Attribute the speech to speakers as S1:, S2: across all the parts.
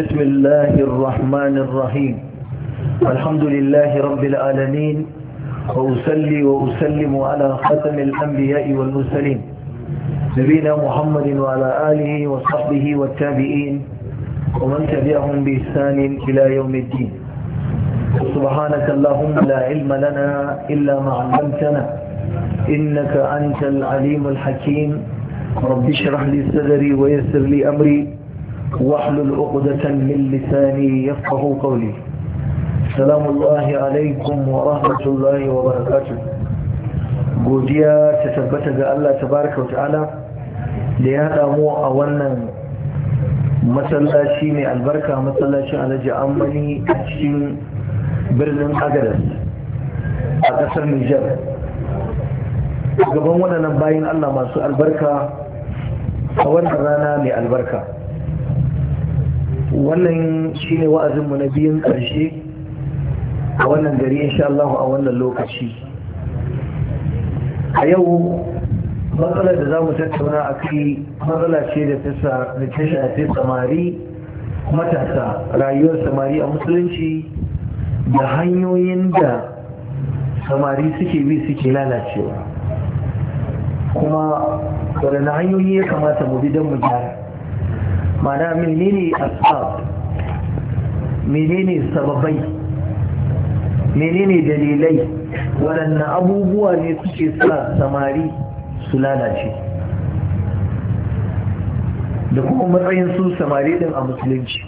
S1: بسم الله الرحمن الرحيم الحمد لله رب العالمين وأسلي وأسلم على ختم الأنبياء والمرسلين نبينا محمد وعلى آله وصحبه والتابعين ومن تبعهم بإحسان إلى يوم الدين سبحانك اللهم لا علم لنا إلا ما علمتنا إنك أنت العليم الحكيم رب اشرح لي صدري ويسر لي أمري واحلل عقدة من لساني يفقه قولي سلام الله عليكم ورحمة الله وبركاته godiya ta tabbata ga Allah tabaraka wata'ala da ya haɗa mu a wannan masallaci mai albarka masallacin alhaji amani a cikin birnin agadas a ƙasar nijar gaban waɗannan bayan Allah masu albarka a wannan rana mai albarka wannan shi ne wa'azinmu na biyun ƙarshe a wannan gari insha Allah a wannan lokaci a yau matsalar da za mu tattauna a kai matsala ce da ta shafi samari matasa rayuwar samari a musulunci da hanyoyin da samari suke bi suke lalacewa kuma waɗanne hanyoyi ya kamata mu bi don mu gyara mana menene asbab menene sababai menene dalilai waɗanne abubuwa ne suke sa samari su lalace da kuma matsayin su samari din a musulunci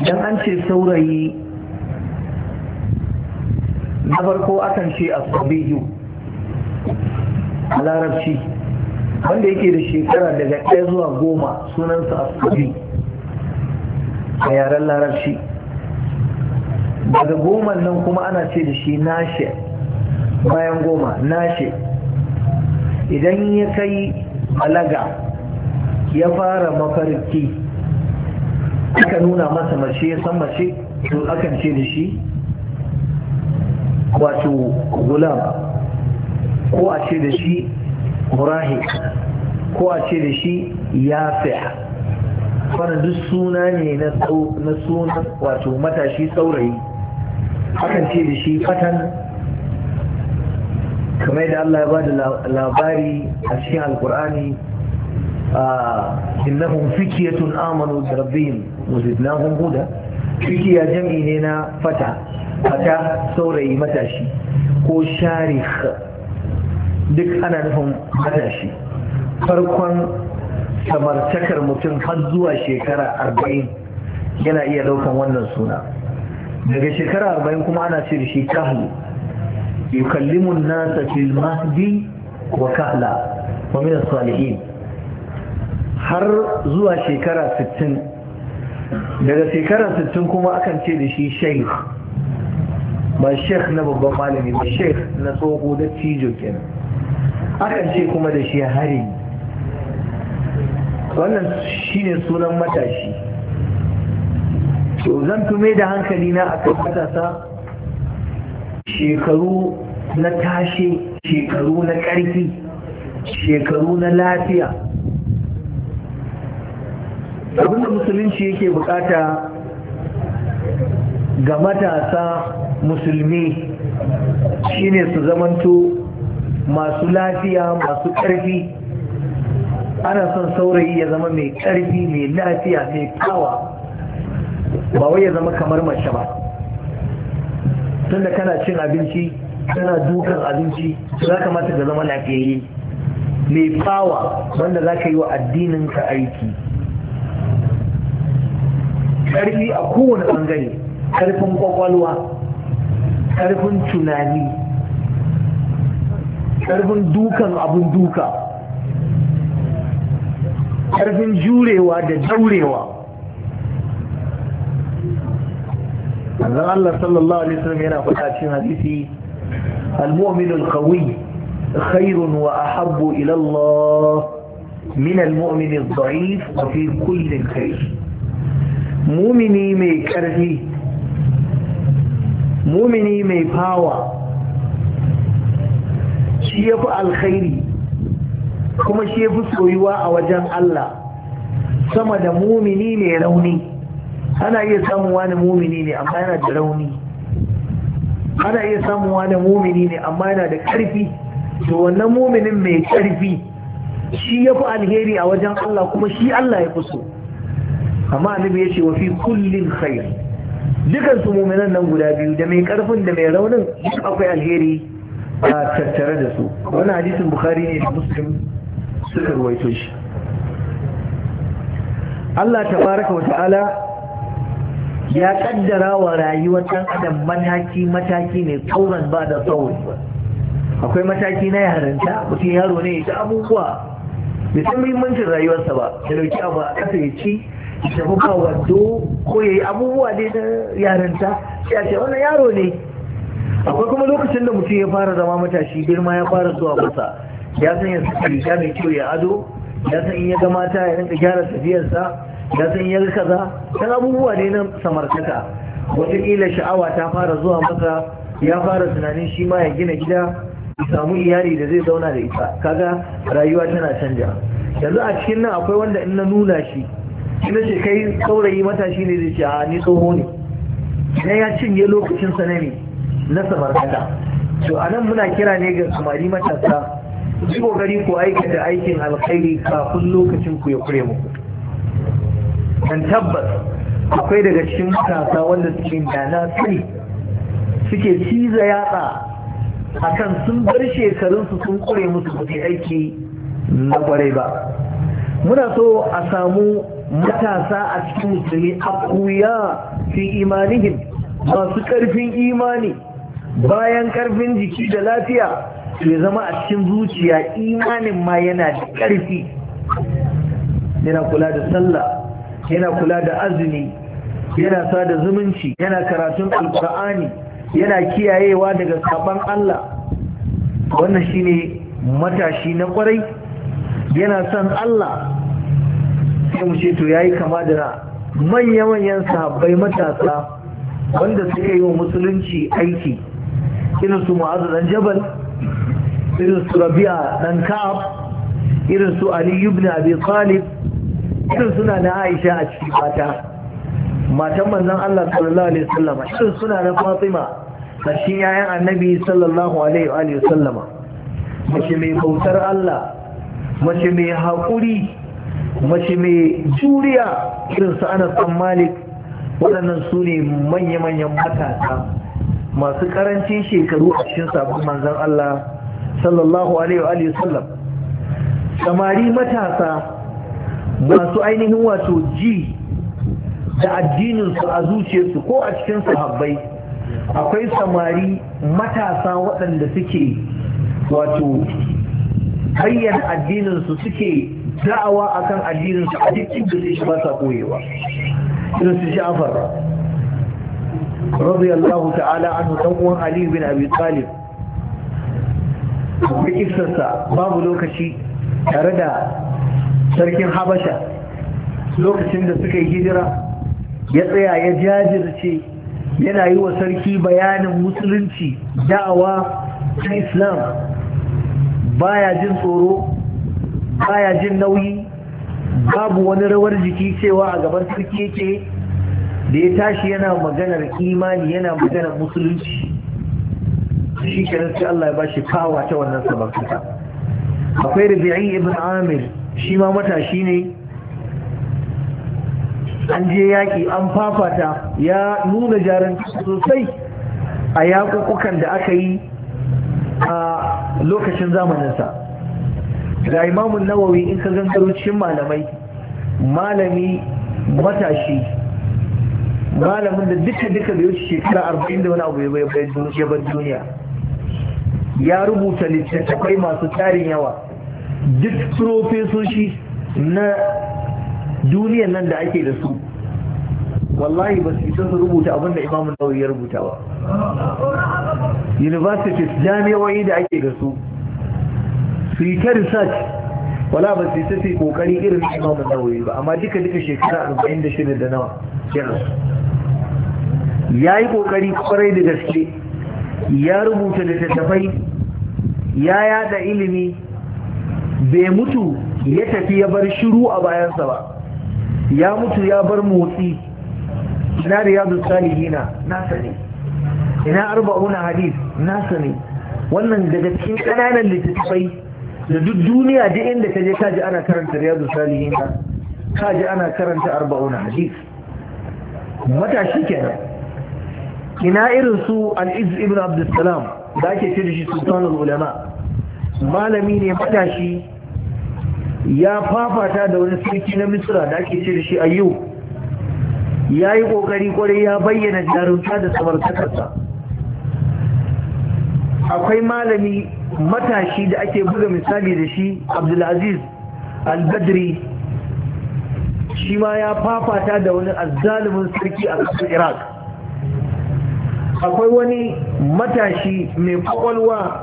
S1: idan an ce saurayi na farko akan ce a sabiyu a larabci wanda yake da shekara daga ɗaya zuwa goma sunansa a asali a yaren larabci daga goma nan kuma ana ce da shi nashe bayan goma nashe idan ya kai balaga ya fara mafarki aka nuna masa mace ya san mace to akan ce da shi wato gulam ko a ce da shi murahi ko a ce da shi ya fiya duk suna ne na suna wato matashi saurayi hakan ce da shi fatan kamar da Allah ya ba da labari a cikin alkur'ani innahum fikiyatun amanu da rabbihim wazidnahum huda fikiya jam'i ne na fata fata saurayi matashi ko sharikh duk ana nufin matashi farkon samartakar mutum har zuwa shekara arba'in yana iya daukan wannan suna daga shekara arba'in kuma ana ce da shi kahlu yukallimun nasa fil mahdi wa kahla wa min salihin har zuwa shekara sittin daga shekara sittin kuma akan ce da shi shaykh ba sheikh na babban malami ba sheikh na tsoho da cijo kenan akan ce kuma da shi hari wannan shi ne sunan matashi to zan tume da hankali na akan matasa shekaru na tashe shekaru na ƙarfi shekaru na lafiya abinda musulunci yake bukata ga matasa musulmi shine su zamanto masu lafiya masu ƙarfi ana son saurayi ya zama mai ƙarfi mai lafiya mai kawa ba wai ya zama kamar mace ba tunda kana cin abinci kana dukan abinci za ka mata ka zama lafiyayye mai fawa wanda za ka yi wa addinin ka aiki ƙarfi a kowane ɓangare ƙarfin ƙwaƙwalwa ƙarfin tunani karfin dukan abun duka karfin jurewa da daurewa manzon Allah sallallahu alaihi wasallam yana faɗa cikin hadisi al-mu'min al-qawi khairun wa ahabbu ila Allah min al-mu'min al-da'if wa fi kulli khair mu'mini mai karfi mu'mini mai fawa shi ya fi alkhairi kuma shi ya fi soyuwa a wajen Allah sama da mumini mai rauni ana iya samun wani mumini ne amma yana da rauni ana iya samun wani mumini ne amma yana da ƙarfi to wannan muminin mai ƙarfi shi ya fi alheri a wajen Allah kuma shi Allah ya fi so amma annabi ya ce wa fi kullin khair dukansu muminan nan guda biyu da mai ƙarfin da mai raunin akwai alheri
S2: a tattare da su wani
S1: hadisin bukhari ne da muslim suka ruwaito shi Allah tabaraka wa ta'ala ya kaddara wa rayuwar ɗan adam mataki mataki ne tsauran ba da tsawon akwai mataki na yaranta, mutum yaro ne ya ci abubuwa bai san muhimmancin rayuwarsa ba ya dauki abu a ƙasa ya ci ya tafi ba wando ko ya yi abubuwa dai na yaranta? sai a ce wannan yaro ne akwai kuma lokacin da mutum ya fara zama matashi girma ya fara zuwa masa ya san ya saka ya mai kyau ya ado ya san in ya ga mata ya rinka gyara tafiyarsa ya san ya ga kaza dan abubuwa ne na samartaka wataƙila sha'awa ta fara zuwa masa ya fara tunanin shi ma ya gina gida ya samu iyali da zai zauna da ita kaga rayuwa tana canja yanzu a cikin nan akwai wanda in na nuna shi shi ce kai saurayi matashi ne zai ce a ni tsoho ne Ina ya cinye lokacin sa ne na samarkata to a nan muna kira ne ga samari matasa ji kokari ku aikata aikin alkhairi kafin lokacin ku ya kure muku dan tabbas akwai daga cikin matasa wanda suke da na sani suke ciza yatsa akan sun bar shekarunsu sun kure musu ba aiki na kwarai ba muna so a samu matasa a cikin musulmi akuya fi imanihim masu ƙarfin imani bayan karfin jiki da lafiya ya zama a cikin zuciya imanin ma yana da ƙarfi yana kula da sallah yana kula da azumi yana sada zumunci yana karatun alkur'ani yana kiyayewa daga saban Allah wannan shine matashi na kwarai yana son Allah sai mu ce to yayi kama da manya-manyan sahabbai matasa wanda suka yi wa musulunci aiki irin su mu'azu jabal irin su rabi'a dan ka'ab irin su ali ibn abi talib irin suna na aisha a ciki mata matan manzon Allah sallallahu alaihi wasallam irin suna na fatima kashin yayan annabi sallallahu alaihi wa sallama mace mai bautar Allah mace mai haƙuri mace mai juriya irin su ana san malik waɗannan su ne manya-manyan matasa masu karancin shekaru a cikin sabon manzon Allah sallallahu alaihi wa sallam samari matasa masu ainihin wato ji da addininsu a zuciyarsu ko a cikin sahabbai akwai samari matasa waɗanda suke wato bayyana addininsu suke da'awa akan addininsu a duk da su ba sa koyewa irin su shafar رضي ta'ala تعالى عنه uwan علي bin أبي طالب da babu lokaci tare da sarkin habasha lokacin da suka yi hijira ya tsaya ya jajirce yana yi wa sarki bayanin musulunci da'awa ta islam baya jin tsoro baya jin nauyi babu wani rawar jiki cewa a gaban sarki yake da ya tashi yana maganar imani yana maganar musulunci shi ke nan Allah ya bashi kawa ta wannan sabakuta akwai Rabi'i ibn Amir shi ma matashi ne an je yaƙi an fafata ya nuna jarin sosai a yaƙuƙukan da aka yi a lokacin zamaninsa ga imamun nawawi in ka gangaro cikin malamai malami matashi malamin da duka duka da yau shekara arba'in da wani abu ya bayar duniya ya rubuta littattafai masu tarin yawa duk profesoshi na duniyan nan da ake da su wallahi ba su isa su rubuta abin da imamun nawa ya rubuta ba universities jami'o'i da ake da su su yi ta research wala ba su sai kokari irin imamu nawawi ba amma duka duka shekara 46 da nawa ya yi kokari kwarai da gaske ya rubuta littattafai ya yada ilimi bai mutu ya tafi ya bar shiru a bayansa ba ya mutu ya bar motsi ina da riyadu salihina na sani ina arba'una hadis na sani wannan daga cikin ƙananan littattafai da duk duniya duk inda ka je ka ji ana karanta riyadu salihin ka ji ana karanta arba'una hadis matashi kenan ina irin su al-iz ibn salam da ake ce da shi sultanul ulama malami ne matashi ya fafata da wani sarki na misra da ake ce da shi ayyu ya yi ƙoƙari kwarai ya bayyana jarumta da samartakarsa akwai malami matashi da ake buga misali da shi abdulaziz albadri shi ma ya fafata da wani azalimin sarki a ƙasar iraq akwai wani matashi mai kwakwalwa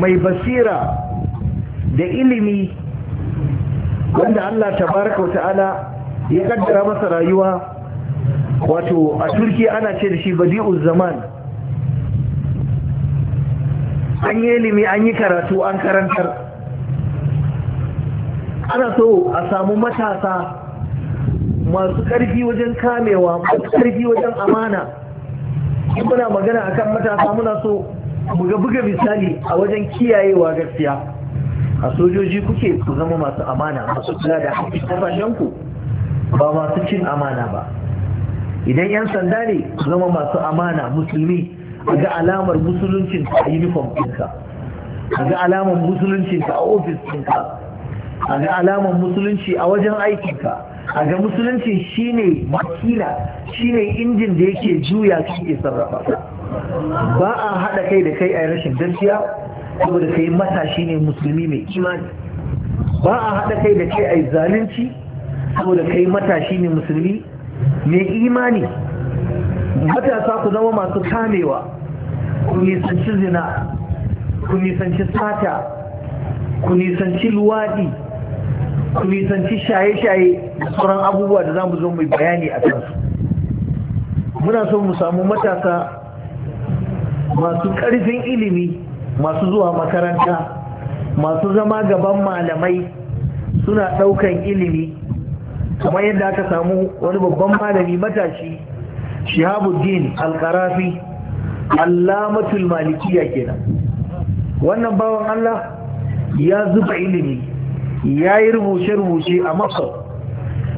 S1: mai basira da ilimi wanda allah tabaraka wata'ala ya kaddara masa rayuwa wato a turki ana ce da shi badi'ul zaman an yi ilimi an yi karatu an karantar ana so a samu matasa masu ƙarfi wajen kamewa masu ƙarfi wajen amana in muna magana akan matasa muna so mu ga buga misali a wajen kiyayewa gaskiya a sojoji kuke ku zama masu amana masu kula da tafashen ku ba masu cin amana ba idan 'yan sanda ne ku zama masu amana musulmi ga alamar musuluncin a uniform ɗinka ga alamar musuluncinka a ofis ɗinka ga alamar musulunci a wajen aikinka a ga musulunci shine makila shine injin da yake juya shi ke sarrafa ba a haɗa kai da kai a rashin gaskiya saboda kai matashi ne musulmi mai imani ba a haɗa kai da kai a zalunci saboda kai matashi ne musulmi mai imani matasa ku zama masu kamewa ku nisanci zina ku nisanci sata ku nisanci luwaɗi ku nisanci shaye-shaye da sauran abubuwa da za mu zo mai bayani a kansu muna so mu samu matasa masu ƙarfin ilimi masu zuwa makaranta masu zama gaban malamai suna ɗaukan ilimi kamar yadda aka samu wani babban malami matashi shihabuddin alkarafi allamatul malikiya kenan wannan bawan Allah ya zuba ilimi ya yi rubuce-rubuce a masar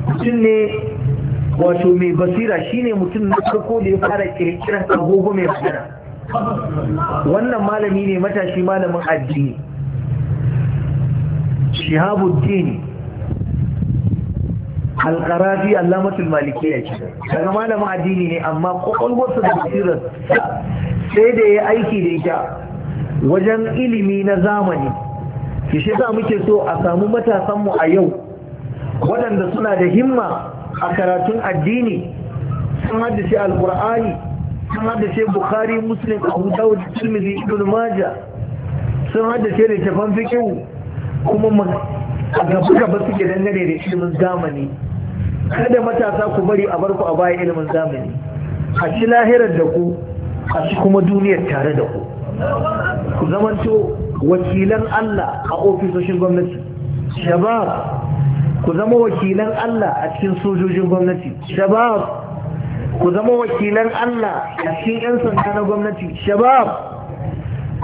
S1: mutum ne wato mai basira shine mutum na farko da ya fara kirkirar agogo mai magana wannan malami ne matashi malamin addini shihabuddini alkaraji allamatul ya ce daga malamin addini ne amma kwakwalwarsa da basirar sai da ya aiki da ita wajen ilimi na zamani ki shi za muke so a samu matasanmu a yau waɗanda suna da himma a karatun addini sun shi alƙur'ani sun shi bukhari muslim abu dawud tirmidhi ibn Maja sun haddace littafan fiqh kuma a gaba gaba suke dangane da ilimin zamani kada matasa ku bari a barku a baya ilimin zamani a ci lahirar da ku a ci kuma duniyar tare da ku ku zamanto wakilan Allah a ofisoshin gwamnati shabab ku zama wakilan Allah a cikin sojojin gwamnati shabab ku zama wakilan Allah a cikin 'yan sanda na gwamnati shabab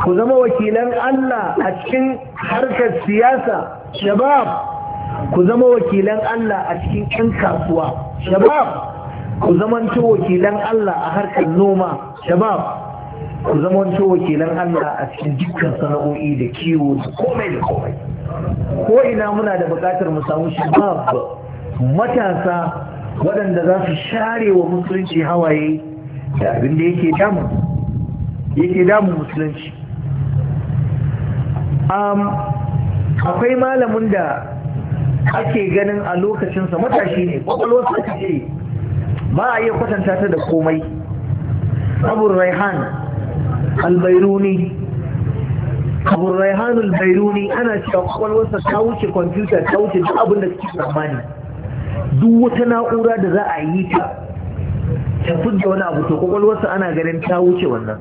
S1: ku zama wakilan Allah a cikin harkar siyasa shabab ku zama wakilan Allah a cikin 'yan kasuwa shabab ku zamanto wakilan Allah a harkar noma shabab ku zamanto wakilan Allah a cikin dukkan sana'o'i da kiwo da komai da komai ko ina muna da buƙatar mu samu shabab matasa waɗanda za su share wa musulunci hawaye da abin da yake damu, yake damun musulunci akwai malamin da ake ganin a lokacinsa matashi ne kwakwalwarsa ta ce ba a iya kwatanta ta da komai abin raihan albairuni raihan albairuni ana cewa kwakwalwarsa ta wuce kwamfuta ta wuce duk abin da cikin tsammani duk wata na'ura da za a yi ta ta da wani abu to kwakwalwarsa ana ganin ta wuce wannan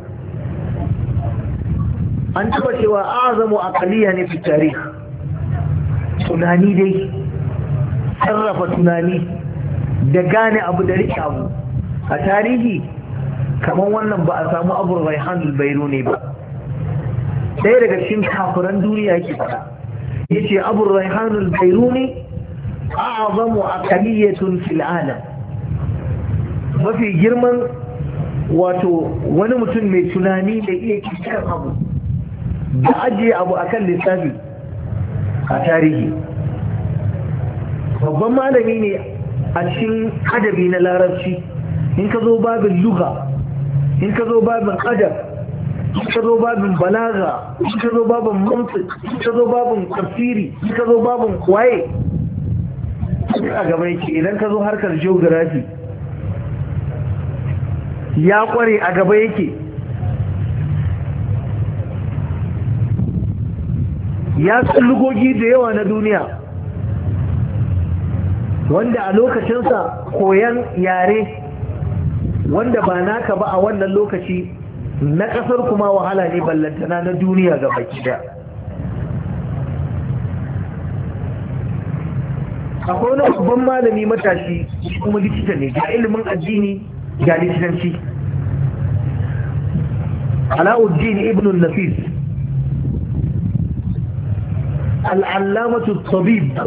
S1: an taba cewa azamu akaliya ne fi tarihi tunani dai sarrafa tunani da gane abu da rike abu a tarihi kamar wannan ba a samu abu raihan bairu ne ba ɗaya daga cikin kafiran duniya yake fada ya ce abu raihan bairu ne a azamu a kaliyatun fil'alam mafi girman wato wani mutum mai tunani da iya kishiyar abu da ajiye abu akan lissafi a tarihi babban malami ne a cikin adabi na larabci in ka zo babin luga in ka zo babin adab in ka zo babin balaga in ka zo babin mamtsik in ka zo babin tafsiri in ka zo babin waye a gaba yake idan ka zo harkar geography ya kware a gaba yake ya tsallugogi da yawa na duniya wanda a lokacinsa koyan yare wanda ba naka ba a wannan lokaci na ƙasar kuma wahala ne ballantana na duniya ga baki akwai wani babban malami matashi kuma likita ne ga ilimin addini ga likitanci ala'uddin ibn nafis al'allamatu tabib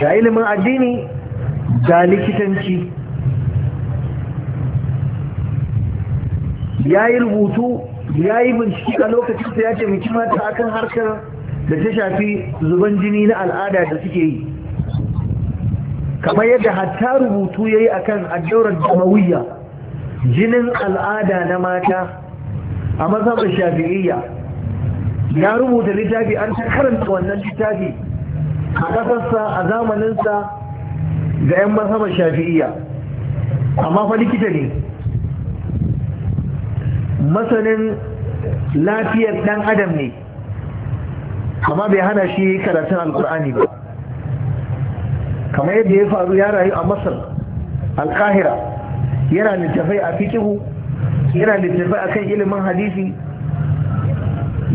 S1: ga ilimin addini ga likitanci ya yi rubutu ya yi binciki a lokacin ya ce miki mata akan harkar da ta shafi zuban jini na al'ada da suke yi kamar yadda hatta rubutu ya yi akan addaurar damawiyya jinin al'ada na mata a mazhabar shafi'iyya ya rubuta littafi an ta karanta wannan littafi a ƙasarsa a zamaninsa ga 'yan mazhabar shafi'iyya amma fa likita ne masanin lafiyar ɗan adam ne amma bai hana shi karatun alkur'ani ba kamar yadda ya faru ya rayu a masar alkahira yana littafai a fikihu yana littafai kan ilimin hadisi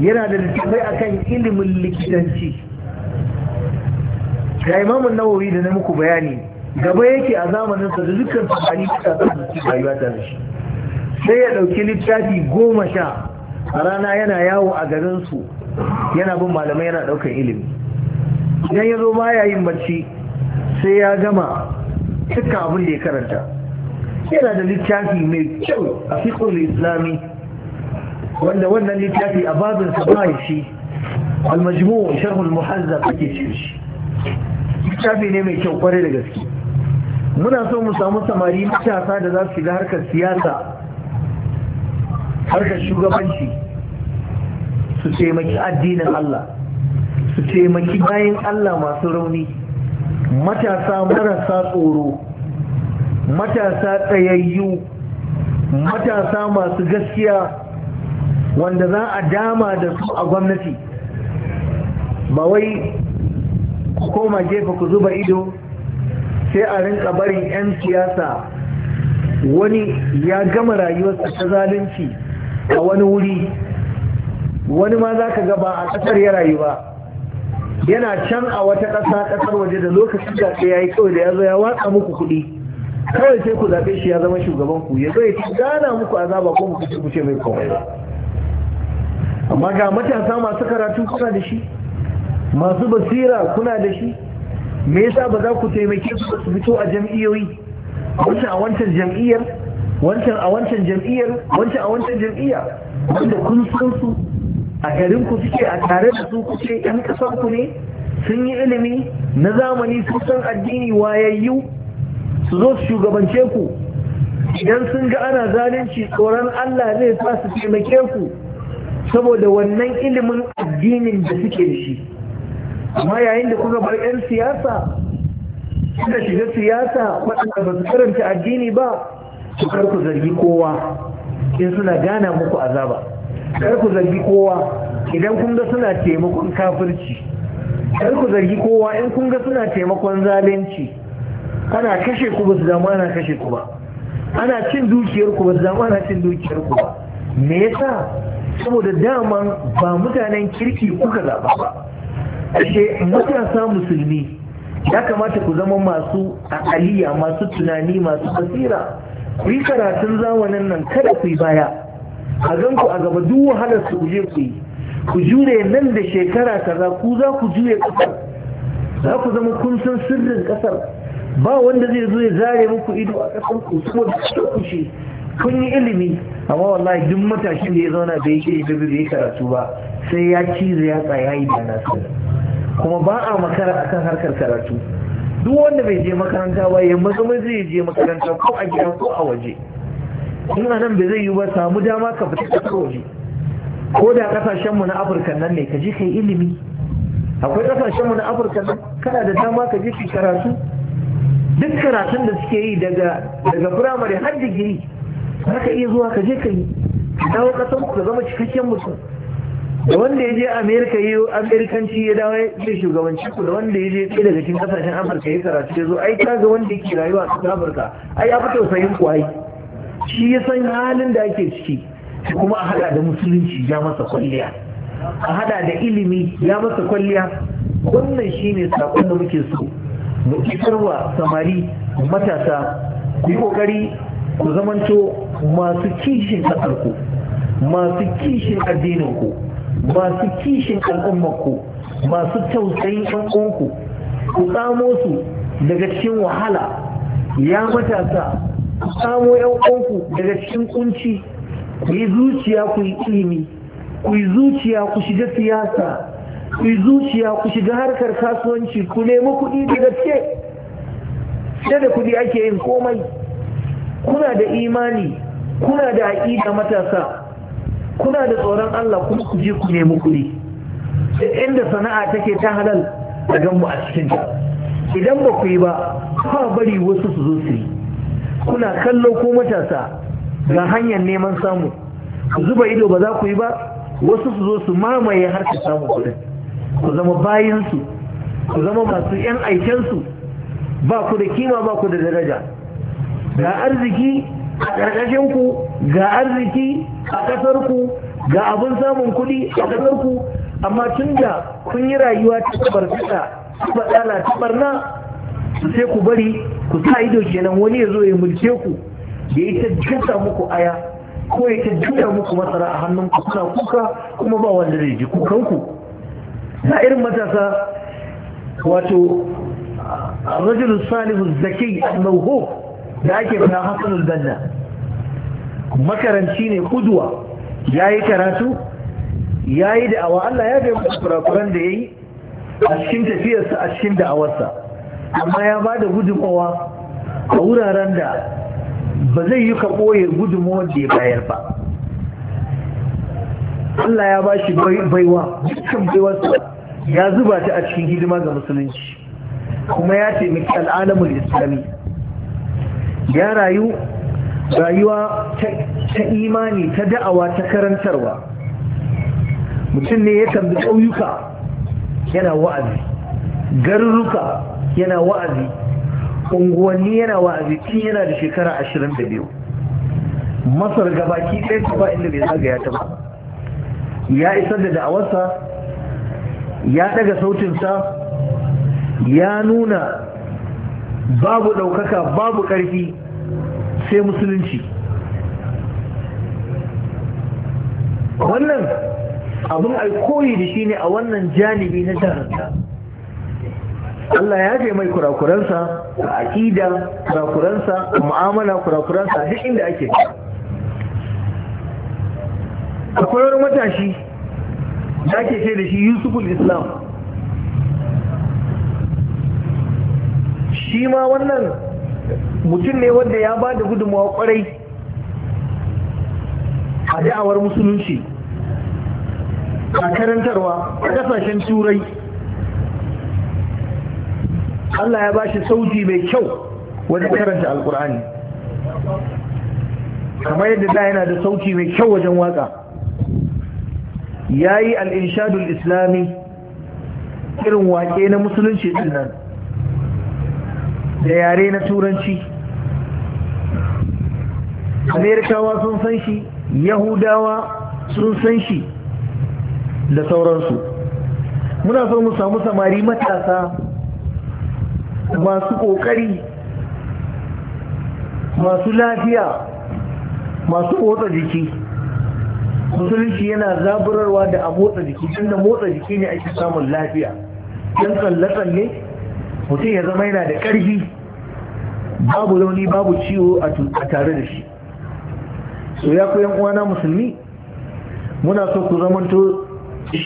S1: yana da littattafai akan ilimin likitanci ga imamun nawawi da na muku bayani gaba yake a zamaninsa da dukkan tunani suka tsarki rayuwa ta da shi sai ya ɗauki littafi goma sha a rana yana yawo a garinsu yana bin malamai yana ɗaukan ilimi idan ya zo ma yayin mace sai ya gama cika abin da ya karanta yana da littafi mai kyau a fiƙon islami wanda wannan littafi a babin sa ba shi al sharh al-muhazzab ake cikin shi littafi ne mai kyau kware da gaske muna so mu samu samari matasa da za su shiga harkar siyasa harkar shugabanci su taimaki addinin Allah su taimaki bayan Allah masu rauni matasa marasa tsoro matasa tsayayyu matasa masu gaskiya wanda za a dama da su a gwamnati ba wai ku koma gefe ku zuba ido sai a rinka barin 'yan siyasa wani ya gama rayuwarsa ta zalunci a wani wuri wani ma za ka ba a ƙasar ya rayu ba yana can a wata ƙasa ƙasar waje da lokacin da ya yi kawai da ya zo ya watsa muku kuɗi kawai sai ku zaɓe shi ya zama shugaban ku ya zo ya ci gana muku azaba ko mu kuce mai komai amma ga matasa masu karatu kuna da shi masu basira kuna da shi me yasa ba za ku taimake su su fito a jam'iyyoyi wancan a wancan jam'iyyar wancan a wancan jam'iyyar wancan a wancan jam'iyya wanda kun san su a garin ku suke a tare da su kuke yan kasar ku ne sun yi ilimi na zamani sun san addini wayayyu su zo su shugabance ku idan sun ga ana zalunci tsoron Allah zai sa su taimake ku saboda wannan ilimin addinin da suke da shi amma yayin da kuka bar 'yan siyasa suka shiga siyasa waɗanda ba su karanta addini ba su karku zargi kowa in suna gana muku azaba karku zargi kowa idan kun ga suna taimakon kafirci karku zargi kowa in kun ga suna taimakon zalunci ana kashe ku ba su damu ana kashe ku ba ana cin dukiyar ku ba su damu ana cin dukiyar ku ba me yasa saboda dama, ba mutanen kirki kuka zaɓa ba ashe matasa musulmi ya kamata ku zama masu akaliya masu tunani masu basira ku yi karatun zamanin nan kada ku yi baya a gan ku a gaba duk wahalar su je ku yi ku jure nan da shekara kaza ku za ku jure kasar za ku zama kun san sirrin kasar ba wanda zai zo ya zare muku ido a kasar ku saboda ku shi kun yi ilimi amma wallahi duk matashi da ya zauna bai yi da bai karatu ba sai ya cizo ya tsaya yi da nasu kuma ba a makara akan harkar karatu duk wanda bai je makaranta ba ya mai zai je makaranta ko a gida ko a waje in a nan bai zai yi ba samu dama ka fita ka waje ko da kasashen na afirka nan ne ka je kai ilimi akwai kasashenmu na afirka nan kana da dama ka je ki karatu duk karatun da suke yi daga daga firamare har digiri za ka iya zuwa ka je ka yi dawo kasan ku ka zama cikakken mutum da wanda ya je amerika yi amerikanci ya dawo ya shugabanci ku da wanda ya je ɗaya daga cikin kasashen amurka ya karatu ya zo ai ga wanda yake rayuwa a cikin amurka ai ya fi tausayin ku ai shi ya san halin da ake ciki shi kuma a hada da musulunci ya masa kwalliya a hada da ilimi ya masa kwalliya wannan shi ne sakon da muke so mu wa samari matasa ku yi kokari ku zamanto masu kishin ƙasarku masu kishin addininku masu kishin al'ummarku masu tausayin ɗan'uwanku ku tsamo su daga cikin wahala ya matasa ku tsamo ‘yan'uwanku daga cikin ƙunci. ku yi zuciya ku yi ilimi ku yi zuciya ku shiga siyasa ku yi zuciya ku shiga harkar kasuwanci ku nemi kuɗi da gaske sai da kuɗi ake yin komai kuna da imani kuna da aƙida matasa kuna da tsoron Allah kuma ku je ku nemi kuɗi inda sana'a take ta halal a gan mu a cikin ta idan ba ku yi ba ba bari wasu su zo su yi kuna kallo ko matasa ga hanyar neman samu zuba ido ba za ku yi ba wasu su zo su mamaye har ka samu kuɗin ku zama bayansu ku zama masu 'yan aikensu ba ku da kima ba ku da daraja ga arziki a ku ga arziki a ƙasarku ga abin samun kuɗi a ƙasarku amma tun da kun yi rayuwa ta su ta tsala ta barna sai ku bari ku sa ido kenan wani ya zo ya mulke ku ya yi ta muku aya ko ya ta muku masara a hannun ku. kuna kuka kuma ba wanda zai ji kukanku na irin matasa wato rajulun salihu zaki al-mawhub da ake fara hasanul danna makaranci ne kuduwa ya yi karatu ya yi da'awa Allah ya bai kurakuran da ya yi a cikin tafiyarsa a cikin da'awarsa amma ya bada da gudunmawa a wuraren da ba zai yi ka ɓoye gudunmawar da ya bayar ba Allah ya bashi shi baiwa dukkan baiwarsa ya zuba ta a cikin hidima ga musulunci kuma ya taimaki al'alamul islami ya rayu rayuwa ta imani ta da'awa ta karantarwa mutum ne ya tambi ƙauyuka yana wa'azi garuruka yana wa'azi unguwanni yana wa'azi tun yana da shekara ashirin da biyu masar gabaki ɗaya ta ba inda bai zagaya ta ba ya isar da da'awarsa ya ɗaga sautinsa ya nuna babu ɗaukaka babu ƙarfi sai musulunci wannan abin alkoyi da shi ne a wannan janibi na jaranta Allah ya ce mai kurakuransa a aƙida kurakuransa a mu'amala kurakuransa duk inda ake akwai wani matashi da ake ce da shi yusuful islam shi ma wannan mutum ne wanda ya ba da gudunmawa kwarai a da'awar musulunci a karantarwa a kasashen turai Allah ya ba shi sauti mai kyau wajen karanta alkur'ani kamar yadda da yana da sauti mai kyau wajen waka ya yi al'inshadul islami irin wake na musulunci din nan da yare na turanci amerikawa sun san shi yahudawa sun san shi da sauransu muna son mu samu samari matasa masu kokari masu lafiya masu motsa jiki musulunci yana zaburarwa da a motsa jiki da motsa jiki ne ake samun lafiya don tsalle-tsalle mutum ya zama yana da ƙarfi babu launi babu ciwo a tare da shi so ya ku uwana musulmi muna so ku zamanto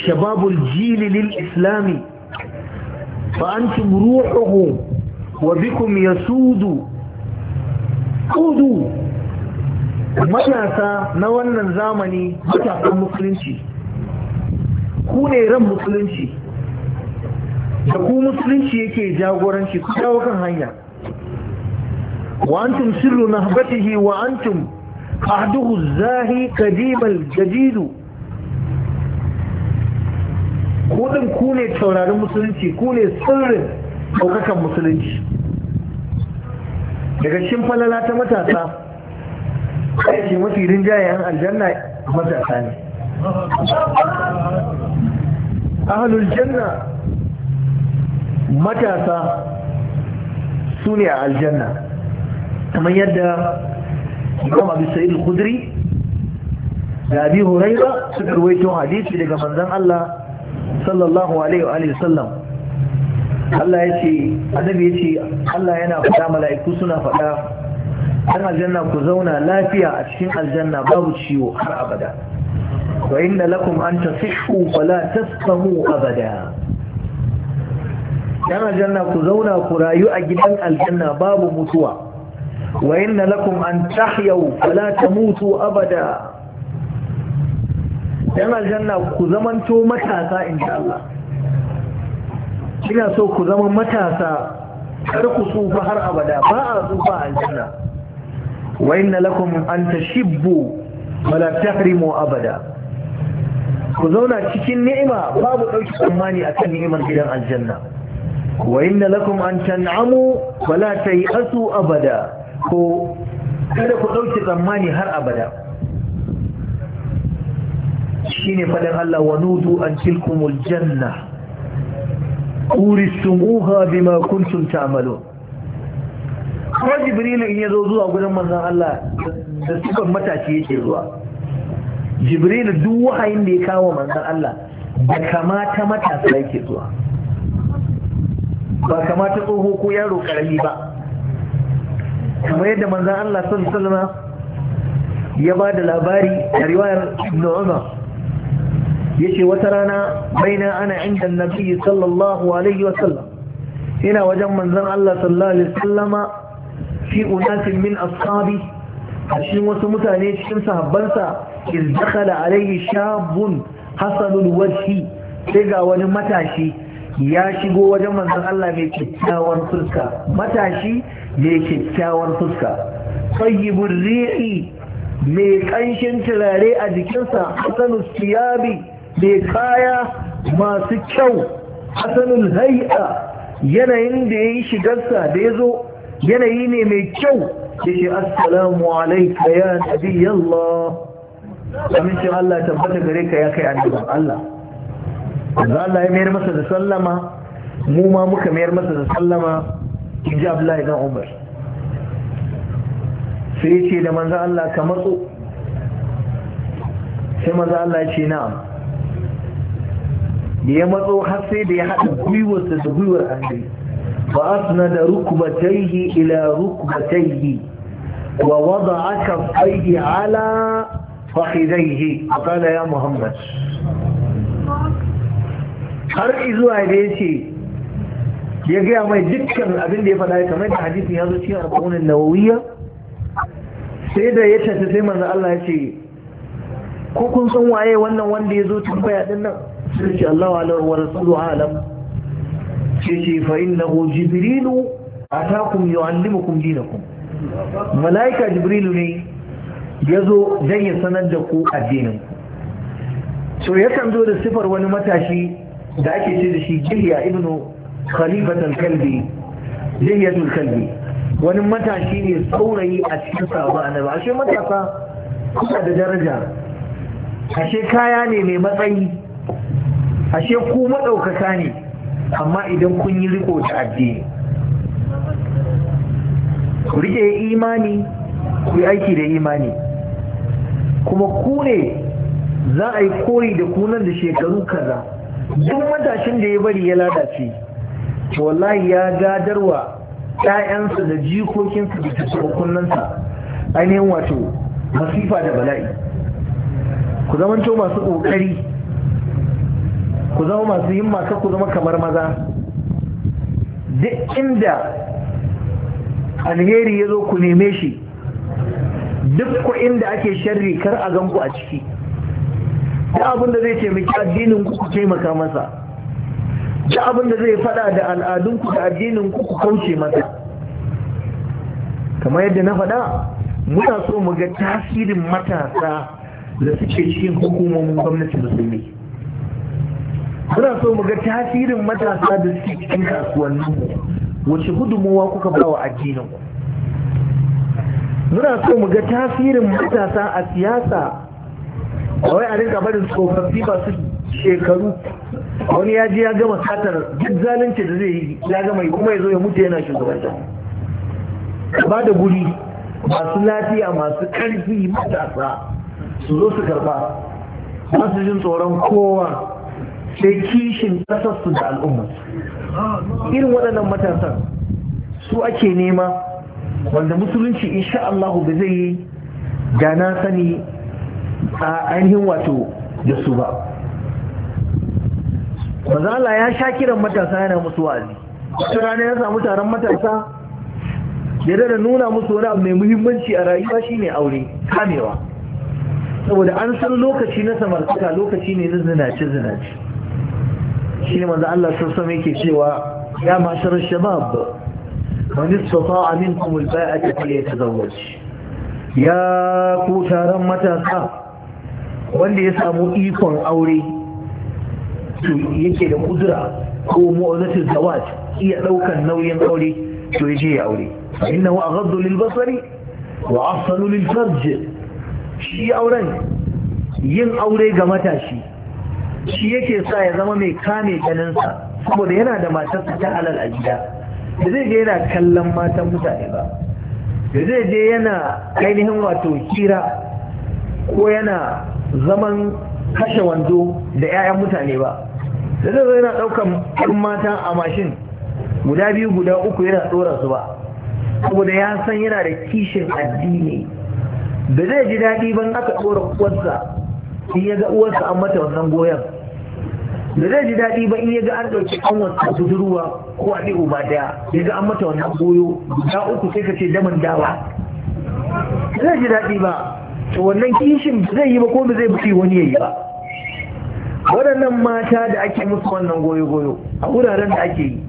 S1: shababul jili lil islami fa antum ruhuhu wa bikum yasudu kudu matasa na wannan zamani matasan musulunci ku ne ran musulunci da ku musulunci yake jagoranci ku dawo kan hanya wa antum sirru nahbatihi wa antum ahduhu zahi qadimal jadid ku din ku ne taurarin musulunci ku ne sirrin daukakan musulunci daga cikin falala ta matasa aiki mafi rinjayen aljanna matasa ne ahlul janna matasa su ne a aljanna kamar yadda imam abu sa'id al-khudri da abi huraira suka rawaito hadisi daga manzon Allah sallallahu alaihi wa sallam Allah ya ce annabi ya ce Allah yana faɗa mala'iku suna faɗa dan aljanna ku zauna lafiya a cikin aljanna babu ciwo har abada wa inna lakum an tasihhu fala tasqamu abada dan aljanna ku zauna ku rayu a gidan aljanna babu mutuwa wa inna lakum an tahyaw fala tamutu abada dan aljanna ku zamanto matasa insha Allah ina so ku zama matasa kar ku tsufa har abada ba a tsufa aljanna wa inna lakum an tashibbu fala tahrimu abada ku zauna cikin ni'ima babu dauki tsammani akan ni'imar gidan aljanna wa inna lakum an tan'amu wala tai'asu abada ko kada ku dauke tsammani har abada shine fadan Allah wa nudu an tilkumul janna uristumuha bima kuntum ta'malun ko jibril in yazo zuwa gurin manzon Allah da sifar matashi yake zuwa jibril duk wahayin da ya kawo manzon Allah da kamata matasa yake zuwa ba kamata tsoho ko yaro karami ba Kuma yadda manzan Allah sallallahu ya ba da labari a riwayar Ibn Umar yace wata rana baina ana inda annabi sallallahu alaihi ina wajen manzan Allah sallallahu alaihi wa fi min ashabi a cikin wasu mutane cikin sahabbansa iz dakhala alaihi shabun hasanul wajhi sai ga wani matashi ya shigo wajen manzon Allah mai kyakkyawar fuska matashi mai kyakkyawar fuska tayyibur ri'i mai ƙanshin turare a jikinsa hasanu siyabi mai kaya masu kyau hasanul hai'a yanayin da ya yi shigarsa da ya zo yanayi ne mai kyau ya ce assalamu alaika ya nabi Allah amincin Allah tabbata gare ka ya kai annaban Allah manzo Allah ya mayar masa da sallama mu ma muka mayar masa da sallama in ji Abdullahi dan Umar sai ya ce da manzo Allah ka matso sai manzo Allah ya ce na'am da ya matso har sai da ya haɗa gwiwarsa da gwiwar annabi fa asnada rukbatayhi ila rukbatayhi wa wada'a kaffayhi ala fakhidayhi qala ya muhammad har izuwa da ya ce ya gaya mai dukkan abin da ya faɗa kamar da hadisi ya zo cikin arba'unin nawawiya sai da ya tafi sai manzo Allah ya ce ko kun san waye wannan wanda ya zo tun baya din nan sai ce Allah wa wa rasulu alam ce ce fa innahu jibrilu atakum yuallimukum dinakum malaika jibrilu ne ya zo dan ya sanar da ku addinin ku so kan zo da sifar wani matashi da ake ce da shi jirya ibnu khalifatul kalbi jiyatul kalbi wani matashi ne saurayi a cikin sahaba annabi ashe matasa kuma da daraja ashe kaya ne mai matsayi ashe ku madaukaka ne amma idan kun yi riko ta addini ku rike imani ku yi aiki da imani kuma ku ne za a yi koyi da kunan da shekaru kaza duk matashin da ya bari ya lalace wallahi ya gadarwa ɗayansu da jikokinsu da kunnansa ainihin wato masifa da bala'i ku zamanto masu ƙoƙari ku zama masu yin ka ku zama kamar maza duk inda alheri ya zo ku neme shi duk ku inda ake sharri kar a ganku a ciki da abinda zai taimaki addinin ku taimaka masa da abinda zai fada da al'adunku ku da addinin ku kauce masa kamar yadda na faɗa muna so mu ga tasirin matasa da suke cikin hukumomin gwamnati musulmi muna so mu ga tasirin matasa da suke cikin kasuwannin wace gudunmowa kuka ba wa addinin muna so mu ga tasirin matasa a siyasa a wai a rinka barin tsofaffi masu shekaru wani ya ji ya gama satar duk zalunci da zai yi ya gama yi kuma ya zo ya mutu yana ta ba da guri masu lafiya masu karfi matasa su zo su karba ba jin tsoron kowa sai kishin ƙasarsu da al'umma. irin waɗannan matasan su ake nema wanda musulunci insha Allah ba zai yi da na sani a ainihin wato da su ba maza Allah ya sha kiran matasa yana musu wa'azi wata rana ya samu taron matasa ya da nuna musu wani abu mai muhimmanci a rayuwa shine aure kamewa saboda an san lokaci na samartaka lokaci ne na zinace zinace ne maza Allah sun sami ke cewa ya mashar shabab kuma bai ake al ta falyatazawwaj ya ku taron matasa wanda ya samu ikon aure to yake da kudura ko mu'azatul zawaj iya daukan nauyin aure to yaje ya aure innahu aghaddu lil basari wa afsalu lil farj shi auren yin aure ga matashi shi yake sa ya zama mai kame ganinsa saboda yana da matarsa ta halal a da zai je yana kallon matan mutane ba da zai je yana ainihin wato kira ko yana zaman kashe wando da 'ya'yan mutane ba da zai yana ɗaukan yan mata a mashin guda biyu guda uku yana tsora su ba saboda ya san yana da kishin addini da zai ji daɗi ban aka tsora uwarsa in ya ga uwarsa an mata wannan goyon da zai ji daɗi ba in ya ga an ɗauki an wata budurwa ko a ɗi'u ba daya ya ga an mata wannan goyo guda uku sai ka ce daman dawa zai ji daɗi ba to wannan kishin zai yi ba ko zai buki wani yayi ba waɗannan mata da ake musu wannan goyo-goyo a wuraren da ake yi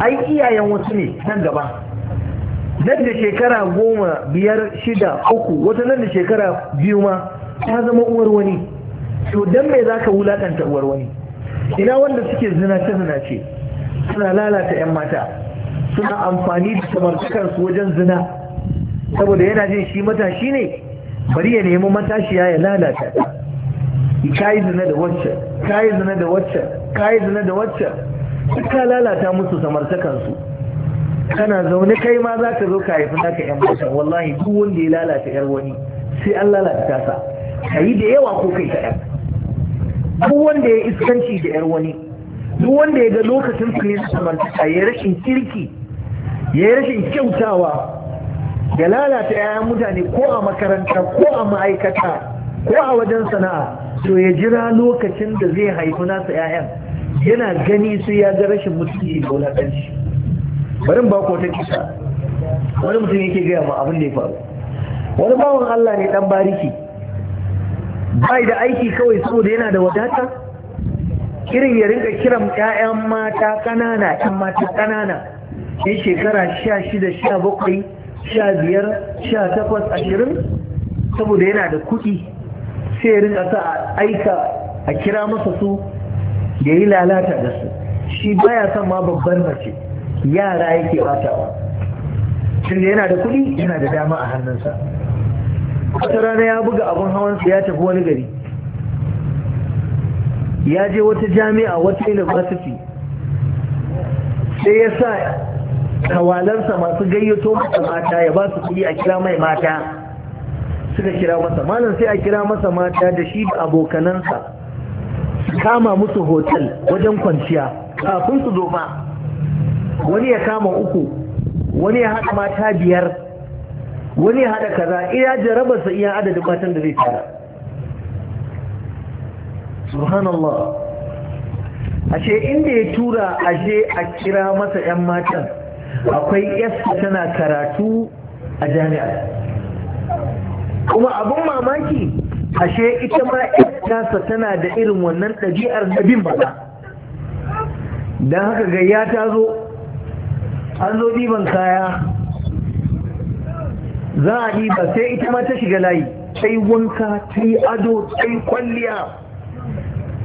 S1: ai iyayen wasu ne nan gaba nan da shekara goma biyar shida uku wata nan da shekara biyu ma ta zama uwar wani to dan me za ka wulaƙanta uwar wani ina wanda suke zina ta zina ce suna lalata 'yan mata suna amfani da samartakarsu wajen zina saboda yana jin shi matashi ne bari ya nemi matashiya ya lalata ka yi zina da wacce zina da wacce ka zina da wacce ka lalata musu samartakansu kana zaune kai ma za ka zo ka haifi naka yan mata wallahi duk wanda ya lalata yar wani sai an lalata sa, ka yi da yawa ko kai ta yar duk wanda ya iskanci da yar wani duk wanda ya ga lokacin su ne samartaka ya rashin kirki ya rashin kyautawa Ya lalata 'ya'yan mutane ko a makaranta ko a ma'aikata ko a wajen sana'a to ya jira lokacin da zai haifi nasa 'ya'yan yana gani sai ya ga rashin mutunci da wulaƙanci bari ba ko ta kisa wani mutum yake gaya ma abin da ya faru wani bawan Allah ne dan bariki bai da aiki kawai saboda yana da wadata irin ya rinka kiran 'ya'yan mata ƙanana 'yan mata ƙanana yan shekara sha shida sha bakwai sha biyar sha takwas ashirin saboda yana da kuɗi sai rinka sa a aika a kira masa su ya yi lalata da su shi baya son ma babban mace yara yake batawa tunda yana da kuɗi yana da dama a hannunsa wata rana ya buga abin su ya tafi wani gari ya je wata jami'a wata ilimin sai ya sa kawalansa masu gayyato masa mata ya ba su kuɗi a kira mai mata suka kira masa malam sai a kira masa mata da shi da abokanansa su kama musu hotel wajen kwanciya kafin su zo doma wani ya kama uku wani ya haɗa mata biyar wani ya haɗa kaza iya jarabarsa iya adadin matan da zai tara subhanallah ashe inda ya tura ashe a kira masa 'yan matan akwai yasta tana karatu a jami'a kuma abin mamaki ashe ita ma yasta tana da irin wannan ɗabi'ar na bin don haka gayya ta zo an zo ɗiban kaya za a ɗiba sai ita ma ta shiga layi Sai wanka ta yi ado ta kwalliya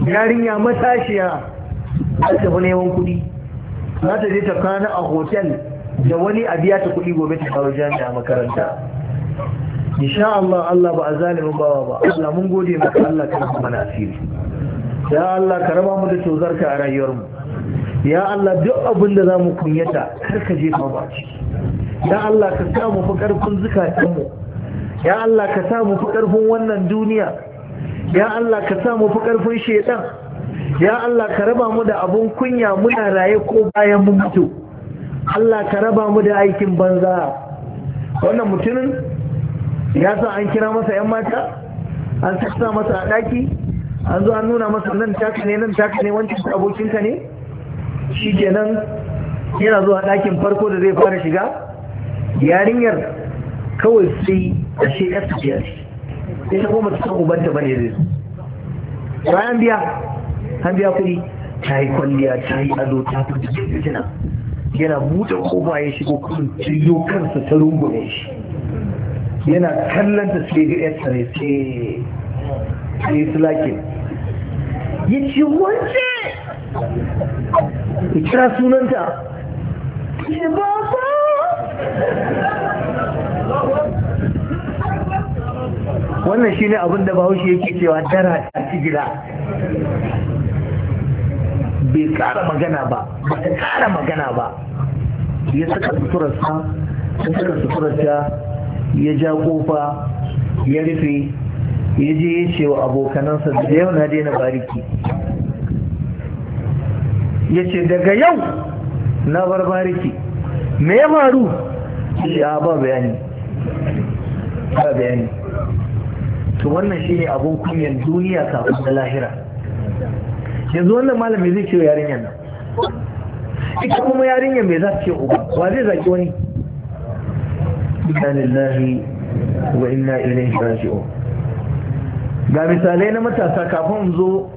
S1: yarinya matashiya a tafi neman kuɗi za ta je ta kwana a hotel da wani a biya ta kuɗi gobe ta kawo jami'a makaranta insha Allah Allah ba a zalimin bawa ba Allah mun gode maka Allah ka rufa mana asiri ya Allah ka raba mu da tozarka a rayuwarmu ya Allah duk abin da zamu kunyata kar ka jefa ba a ya Allah ka sa mu fi karfin zukatanmu ya Allah ka sa mu fi karfin wannan duniya ya Allah ka sa mu fi karfin shedan ya Allah ka raba mu da abun kunya muna raye ko bayan mun mutu Allah ka raba mu da aikin banza wannan mutumin ya sa an kira masa yan mata an sassa masa a daki an zo an nuna masa nan taka ne nan taka ne wancan abokinka ne shi kenan yana zuwa dakin farko da zai fara shiga yarinyar kawai sai a shi ya ta koma cikin ubanta bane zai bayan biya ta biya kuɗi ta yi kwalliya ta yi ado ta fita fitina yana buɗe kofa ya shigo kan tiyo kansa ta rungume
S2: shi
S1: yana kallon da sai ga yarsa ne sai sai sulakin ya ce wance ya kira sunanta
S2: ya ba ba
S1: wannan shi ne abinda bahaushe yake cewa dara ta ci gida bai kara magana ba ba ta kara magana ba ya saka suturarsa ta saka suturarta ya ja kofa ya rufe ya je ya ce wa abokanansa da yau na daina bariki ya ce daga yau na bar bariki me ya faru ya ba bayani ba bayani to wannan shine abun kunyan duniya kafin da lahira yanzu wannan malami zai ce yarinyar nan ita kuma yarinyar mai za ta ce uba wa zai zaki wani inna lillahi wa inna ilaihi raji'un ga misalai na matasa kafin zo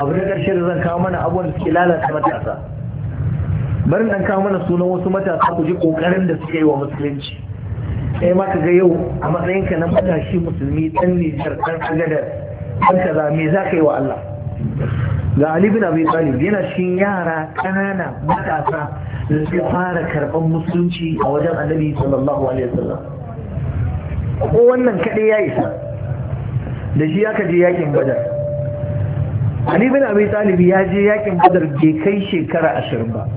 S1: abu na karshe da zan kawo mana abuwan da suke lalata matasa barin nan kawo mana sunan wasu matasa ku ji ƙoƙarin da suke yi wa musulunci sai ma ka ga yau a matsayinka na matashi musulmi dan nijar kan agadar ɗan kaza me za ka yi wa Allah ga Ali bin Abi Talib yana cikin yara ƙanana matasa da suka fara karɓar musulunci a wajen Annabi sallallahu alaihi wasallam ko wannan kaɗai ya isa da shi aka je yakin Badar Ali bin Abi Talib ya je yakin Badar bai kai shekara ashirin ba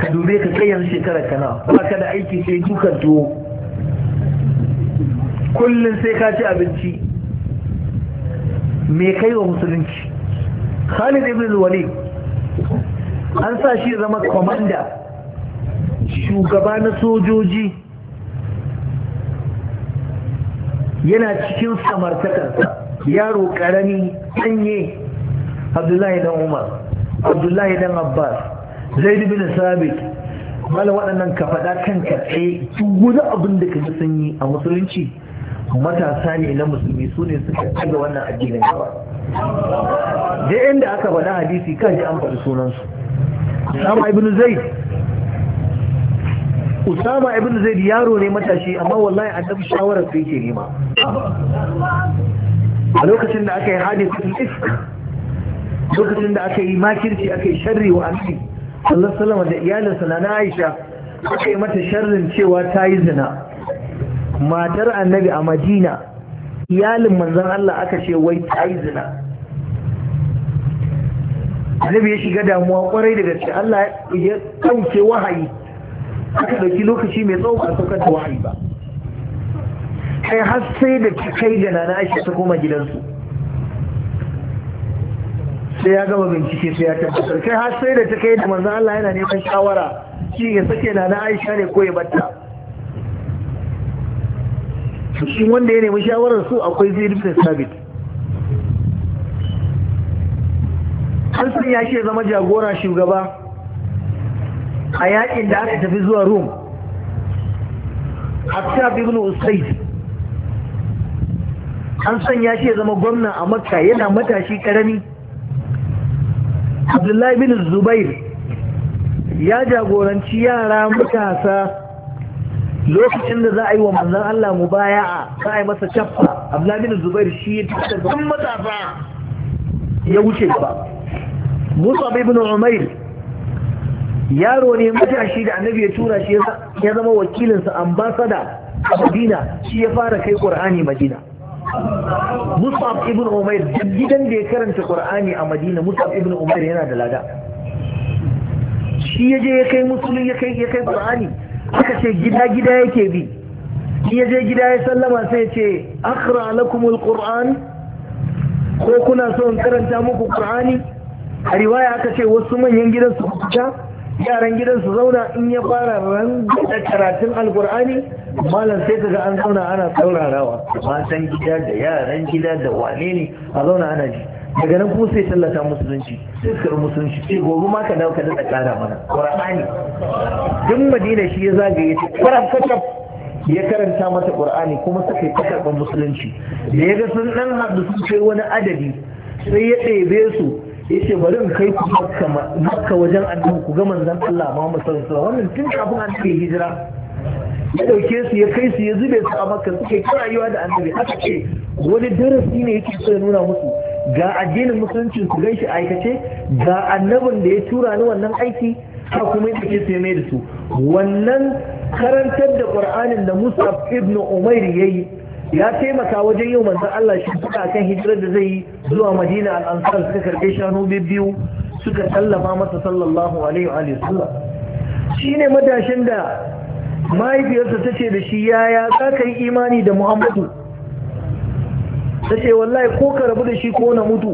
S1: ka dube ka kai yanzu shekara kana ba ka da aiki sai dukan tuwo kullum sai ka ci abinci me kai wa musulunci khalid ibn walid an sa shi zama kwamanda shugaba na sojoji yana cikin samartakarsa yaro karami sanye abdullahi dan umar abdullahi dan abbas zaid bin sabit mala waɗannan ka faɗa kanka tsaye duk wani abin da ka sanyi a musulunci matasa ne na musulmi su ne suka ga wannan addinin gaba
S2: da
S1: inda aka faɗa hadisi kan ji an faɗi sunansu usama ibn zaid usama ibn zaid yaro ne matashi amma wallahi annabi shawarar sai ke nema a lokacin da aka yi hadisatul iska. lokacin da aka yi makirci aka yi sharri wa annabi Allah alaihi wasallam da iyalinsa na Aisha aka yi mata sharrin cewa ta yi zina matar annabi a Madina iyalin manzan Allah aka ce wai ta yi zina annabi ya shiga damuwa kwarai da gaske Allah ya ɗauke wahayi aka ɗauki lokaci mai tsawo a saukar da wahayi ba kai har sai da kai da nana aisha ta koma gidansu sai ya gama bincike sai ya tabbatar kai har sai da ta kai da manzan Allah yana neman shawara shi ya sake nana aisha ne ko ya batta shi wanda ya nemi shawarar su akwai zai rufin sabit an sun ya ce zama jagora shugaba a yakin da aka tafi zuwa rum a ibn usaid an san ya ce zama gwamna a makka yana matashi karami abdullahi bin zubair ya jagoranci yara matasa lokacin da za a yi wa manzan Allah mu baya za a yi masa cafa abdullahi zubair shi ya tafi da matasa ya wuce ba musa ibn umair yaro ne matashi da annabi ya tura shi ya zama wakilinsa ambasada a madina shi ya fara kai qur'ani madina musab ibn umair gidan da ya karanta qur'ani a madina musab ibn umair yana da lada shi ya je ya kai musulun ya kai ya kai qur'ani aka ce gida gida yake bi ya je gida ya sallama sai ce akra lakumul qur'an ko kuna so in karanta muku qur'ani a riwaya aka ce wasu manyan gidan su kuta yaran gidan su zauna in ya fara ran da karatun alqur'ani malam sai kaga an zauna ana saurarawa matan gida da yaran gida da wane ne a zauna ana ji daga nan kuma sai tallata musulunci sai suka musulunci sai gobe ma ka dawo ka daɗa ƙara mana ƙur'ani duk madina shi ya zagaye ta ƙwarar kacaf ya karanta mata ƙur'ani kuma suka yi karɓar musulunci da ya ga sun ɗan haɗu sun kai wani adadi sai ya ɗebe su ya ce bari in kai ku makka wajen annabi ku ga manzon Allah Muhammad sallallahu alaihi wannan tun kafin an kai hijira ya ɗauke su ya kai su ya zube su a makka suke kira da annabi haka ce wani darasi ne yake so ya nuna musu ga addinin musulunci ku gaishe aikace ga annabin da ya tura ni wannan aiki ha kuma yake sai da su wannan karantar da qur'anin da musa ibn Umair yayi ya taimaka wajen yau manzon Allah shi kuka kan hijirar da zai yi zuwa Madina al-Ansar suka karbe shanu biyu suka tallafa masa sallallahu alaihi wa sallam shine madashin da mahaifiyarsa ta ce da shi yaya za ka yi imani da Muhammadu ta ce wallahi ko ka rabu da shi ko na mutu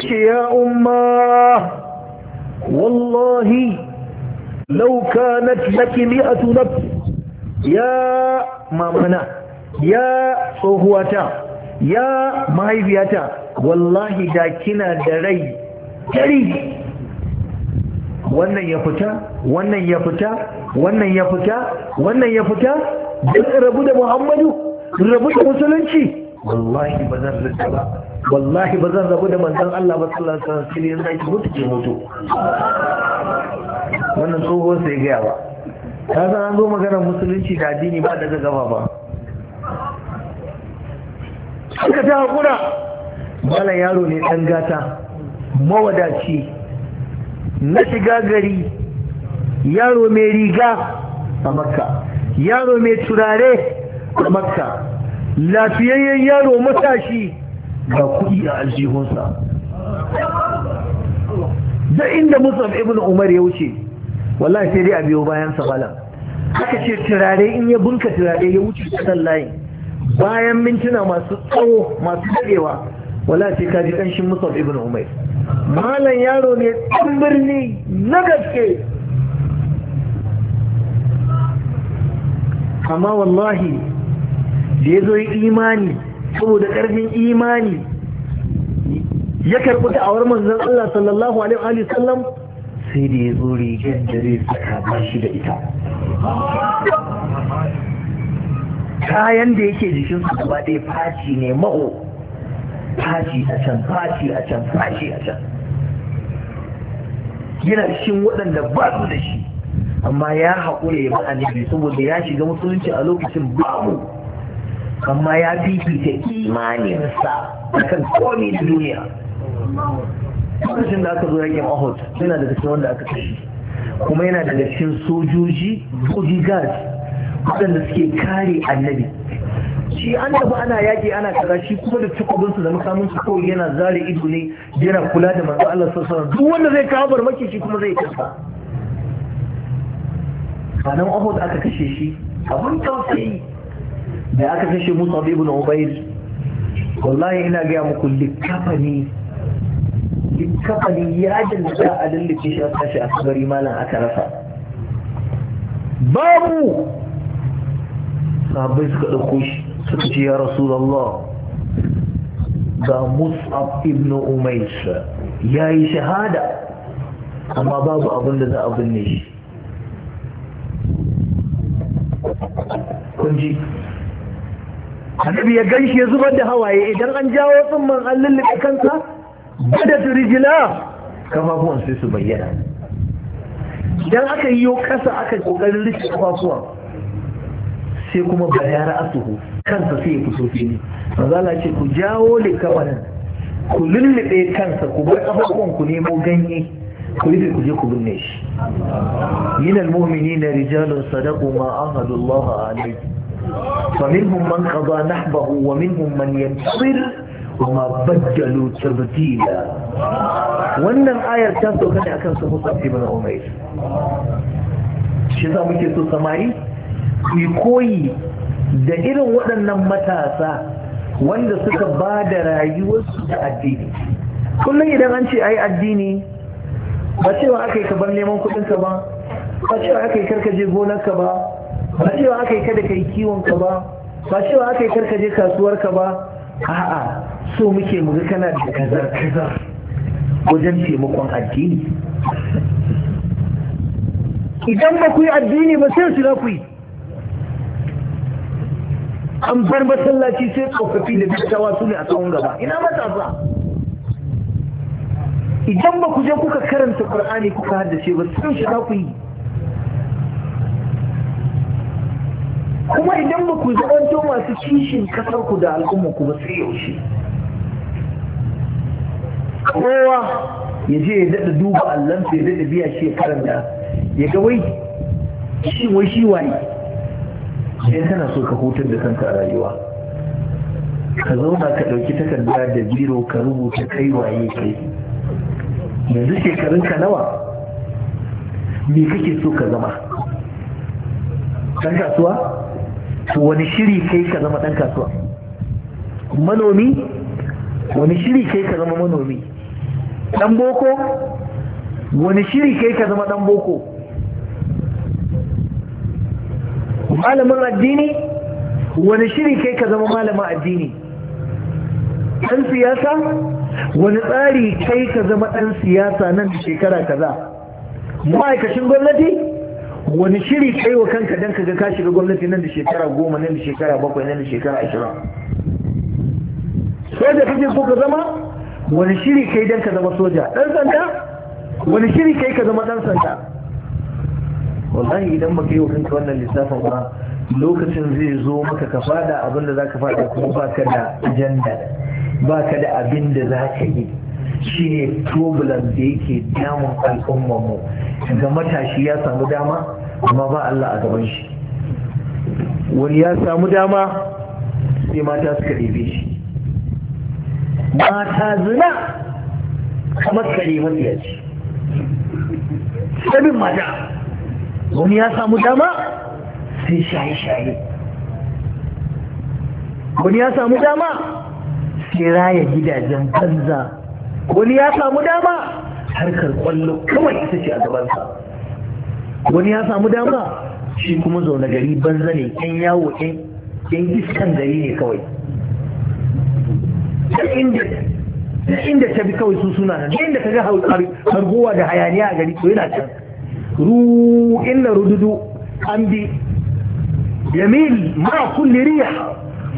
S1: ce ya umma wallahi lauka na laki mi'atu nafs ya mamana ya tsohuwata ya mahaifiyata wallahi da kina da rai dari wannan ya fita wannan ya fita wannan ya fita wannan ya fita duk rabu da muhammadu rabu da musulunci wallahi ba zan rika ba wallahi ba zan rabu da manzon Allah ba sallallahu alaihi wasallam yanzu ki mutu ke mutu wannan tsoho sai ga yawa ka san an zo maganar musulunci da addini ba daga gaba ba suka ta hakura bala yaro ne dan gata mawadaci na shiga gari yaro mai riga a makka yaro mai turare a makka lafiyayyen yaro matashi ga kuɗi a aljihunsa da inda musaf ibn umar ya wuce wallahi sai dai a biyo bayan sabala aka ce turare in ya bunka turare ya wuce kasan layin bayan mintuna masu tsawo masu daɗewa wallahi sai kaji ƙanshin musaf ibn umar malam yaro ne ɗan birni na gaske amma wallahi da ya zo imani saboda ƙarfin imani ya karɓi da awar manzon Allah sallallahu alaihi wa sallam sai da ya zo rigar da zai saka ba shi da ita kayan da yake jikinsu gaba ɗaya faci ne maho faci a can faci a can faci a can yana cikin waɗanda ba su da shi amma ya haƙure ya ba annabi saboda ya shiga musulunci a lokacin babu amma ya fi fifita imaninsa kan komi da duniya lokacin da aka zo yakin Uhud yana daga cikin wanda aka kashe kuma yana da cikin sojoji gas waɗanda suke kare annabi shi an tafi ana yaƙi ana kaza shi kuma da takobinsu da makaminsu kawai yana zare ido ne yana kula da manzo Allah sallallahu duk wanda zai kawo barmaki shi kuma zai kasa nan Uhud aka kashe shi abun tausayi da aka kashe musa ibn ubayd wallahi ina gaya muku likafani likafani yajin da za a lullube shi a a malam aka rasa babu sahabbai suka ɗauko shi suka ce ya rasulallah ga mus'ab ibn umais ya yi shahada amma babu abin da za a binne shi kunji annabi ya ganshi ya zubar da hawaye idan an jawo tsumman an lullube kansa bada rijila kafafuwan sai su bayyana idan aka yi kasa aka kokarin rufe kafafuwan sai kuma bayar asuhu kansa sai ya fito fili Mazala ce ku jawo likafanin ku lullube kansa ku bar kafafuwan ku nemo ganye ku rufe ku je ku binne shi min almu'minina rijalun sadaqu ma ahadu Allah alayhi فمنهم من قضى نحبه ومنهم من ينتصر وما بدلوا تبديلا wannan ayar ta sauka ne akan su musa ibn umayr shi za muke so samari ku koyi da irin waɗannan matasa wanda suka ba da rayuwarsu da addini kullum idan an ce ai addini ba cewa aka yi ka bar neman kuɗinka ba ba cewa aka yi karkaje gonarka ba ba cewa aka yi kada ka yi kiwon ka ba ba cewa aka yi karka je kasuwar ka ba a'a so muke muga kana da kazar kazar wajen taimakon addini idan ba ku yi addini ba sai su na ku yi an bar masallaci sai tsofaffi da dattawa su ne a tsawon gaba ina matasa idan ba ku je kuka karanta ƙur'ani kuka haddace ba sai su na ku yi kuma idan ba ku zaɓanto masu kishin kasar ku da al'umma ku ba sai yaushe kowa ya je ya daɗa duba allansa ya daɗa biya shi ya karanta ya ga wai shi wai shi waye sai kana so ka hutar da kanka a rayuwa ka zauna ka ɗauki takarda da biro ka rubuta kai waye kai yanzu ka nawa me kake so ka zama Kan kasuwa wani shiri kai ka zama ɗan kasuwa manomi wani shiri kai ka zama manomi ɗan boko wani shiri kai ka zama ɗan boko malamin addini wani shiri kai ka zama malamin addini ɗan siyasa wani tsari kai ka zama ɗan siyasa nan shekara kaza ma'aikacin gwamnati wani shiri kai wa kanka dan kaga ka shiga gwamnati nan da shekara goma nan da shekara bakwai nan da shekara ashirin soja kake so ka zama wani shiri kai dan ka zama soja dan sanda wani shiri kai ka zama dan sanda wallahi idan baka yi wa kanka wannan lissafin ba lokacin zai zo maka ka fada abinda za ka fada kuma baka da ajanda baka da abin da za ka yi shi ne problem da yake damun al'ummanmu ga matashi ya samu dama amma ba Allah a gaban shi wani ya samu dama sai mata suka ɗebe shi mata zina kamar kare mafiya ce sabin mata wani ya samu dama sai shaye-shaye wani ya samu dama sai raya gidajen banza wani ya samu dama harkar kwallo kawai ita ce a gabansa wani ya samu dama shi kuma zaune gari banza ne yan yawo yan iskan gari ne kawai duk inda ta bi kawai su suna nan inda ka ga harguwa da hayaniya a gari to yana can ru inna rududu an bi yamil ma kulli riya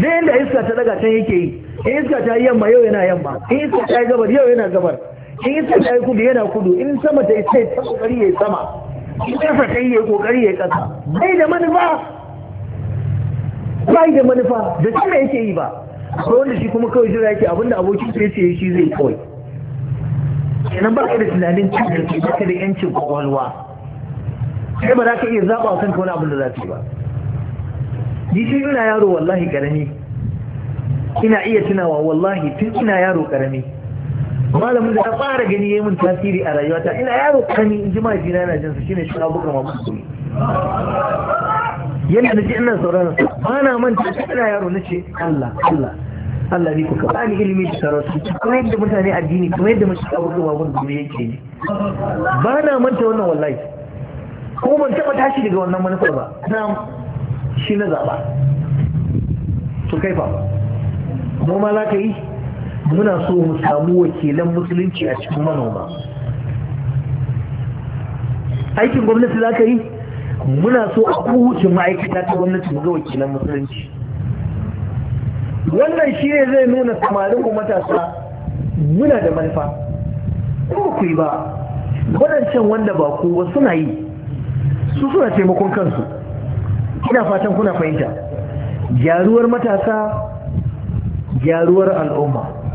S1: da inda iska ta daga can yake yi in iska ta yi yamma yau yana yamma in iska ta yi gabar yau yana gabar in iska ta yi kudu yana kudu in sama ta yi sai ta kokari ya yi sama ƙasa kai ya ƙoƙari ya ƙasa bai da manufa bai da manufa da shi yake yi ba akwai wanda shi kuma kawai jira yake abinda abokin sai ce shi zai kawai kenan ba ka da tunanin cin da ba ka da yancin kwakwalwa sai ba za ka iya zaɓa wa kanka wani abin da za ka yi ba ni shi ina yaro wallahi ƙarami ina iya tunawa wallahi tun ina yaro ƙarami malamin da ta fara gani ya tasiri a rayuwata ina yaro kani in ji jina yana jinsa shine shi abubakar mamu kuri yadda na ji ina sauraron sa ba na manta ina yaro na ce Allah Allah Allah ne ku ka bani ilimi da sarautu kuma yadda mutane addini kuma yadda mace abubakar mamu kuri yake ne ba na manta wannan wallahi ko ban taɓa tashi daga wannan manufar ba na shi na zaɓa to kai fa noma za ka yi muna so mu samu wakilan musulunci a cikin manoma aikin gwamnati za ka yi muna so a kowace ma'aikata ta gwamnati mu ga wakilan musulunci wannan shi ne zai nuna samarin ku matasa muna da manufa ko ku yi ba waɗancan wanda ba kowa suna yi su suna taimakon kansu ina fatan kuna fahimta gyaruwar matasa gyaruwar al'umma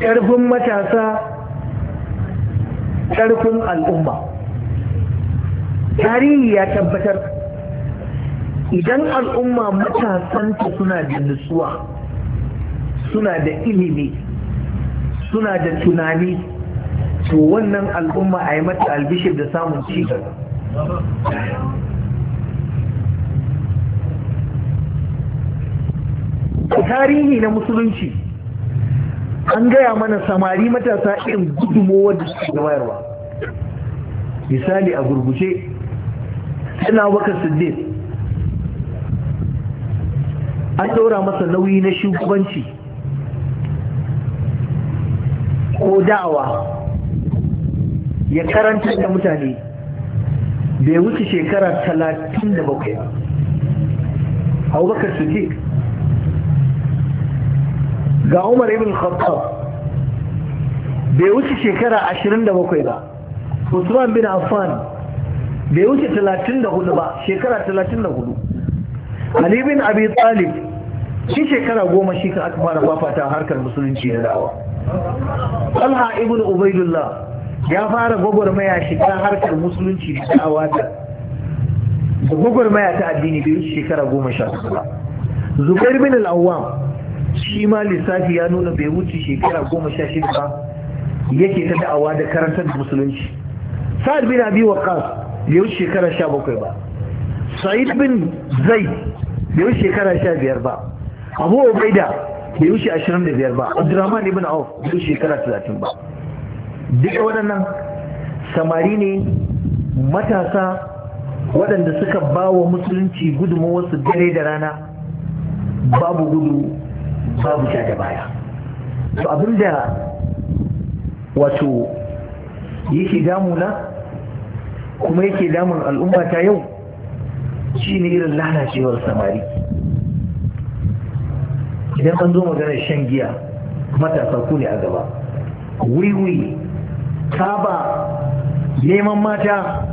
S1: ƙarfin matasa ƙarfin al'umma tarihi ya tabbatar idan al'umma matasanta suna da nutsuwa suna da ilimi suna da tunani to wannan al'umma a yi mata albishir da samun cigaba tarihi na musulunci an gaya mana samari matasa irin gudunmowar da suke bayarwa misali a gurguje suna waka siddiq an ɗora masa nauyi na shugabanci ko da'awa ya karanta da mutane bai wuce shekara talatin da bakwai abubakar siddiq ga umar ibn khattab bai wuce shekara 27 ba usman bin affan bai wuce 34 ba shekara 34 ali bin abi talib shi shekara goma shi ka aka fara fafata harkar musulunci da dawa talha ibn ubaidullah ya fara gwagwarmaya shiga harkar musulunci da da'awa da gwagwarmaya ta addini bai wuce shekara goma sha ba zubair bin al shi ma lissafi ya nuna bai wuce shekara goma sha shida ba yake ta da'awa da karantar da musulunci sa'ad bin abi waqas bai wuce shekara sha bakwai ba sa'id bin zai bai wuce shekara sha biyar ba abu ubaida bai wuce ashirin da biyar ba abdurrahman ibn auf bai wuce shekara talatin ba duka waɗannan samari ne matasa waɗanda suka ba wa musulunci gudunmawarsu dare da rana babu gudu babu ta da baya to abin da wato yake damuna kuma yake damun al'umma ta yau shine irin lalacewar samari idan an zo maganar shan giya matasa ku ne a gaba wuri-wuri neman mata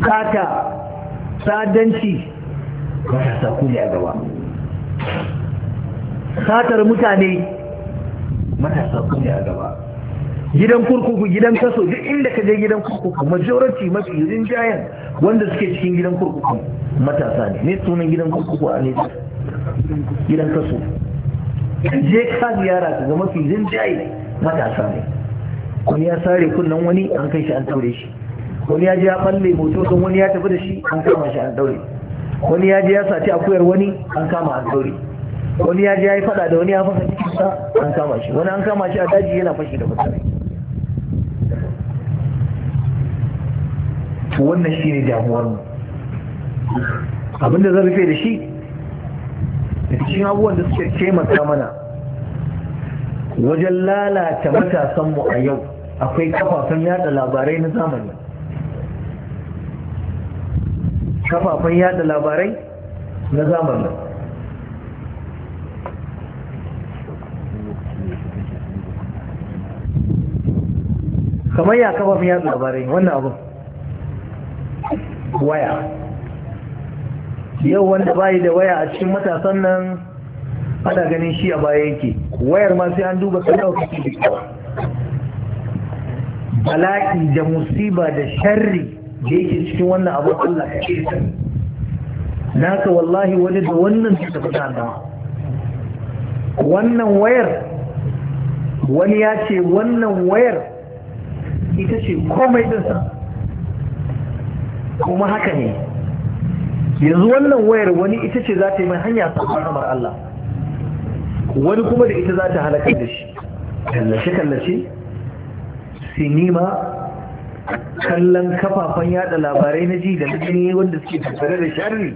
S1: kata sadanci matasa ku ne a gaba satar mutane matasa ku ne a gaba gidan kurkuku gidan kaso duk inda ka je gidan kurkuku majority mafi rinjayen wanda suke cikin gidan kurkuku matasa ne ne sunan gidan kurkuku a nesa gidan kaso je ka ziyara ka ga mafi rinjaye matasa ne wani ya sare kunnen wani an kai shi an daure shi wani ya je ya balle moto don wani ya tafi da shi an kama shi an daure wani ya je ya saci akuyar wani an kama an daure wani ya ji ya yi fada da wani ya fasa cikinsa an kama shi wani an kama shi a daji yana fashi da mutane wannan shi ne mu abinda zan rufe da shi da cikin abubuwan da suke taimaka mana wajen lalata matasanmu a yau akwai kafafen yada labarai na zamani kafafen yada labarai na zamani kamar ya kafa mu yaɗa labarin wannan abu waya yau wanda bayi da waya a cikin matasan nan ana ganin shi a baya yake wayar ma sai an duba kallon kuke da bala'i da musiba da sharri da yake cikin wannan abu Allah ya ce ka wallahi wani da wannan su tafi dama wannan wayar wani ya ce wannan wayar ita ce komai dinsa kuma haka ne yanzu wannan wayar wani ita ce za ta yi mai hanya samun kamar Allah wani kuma da ita za ta halakar da shi kallace-kallace sinima kallon kafafen yada labarai na ji da mutane wanda suke tattare da sharri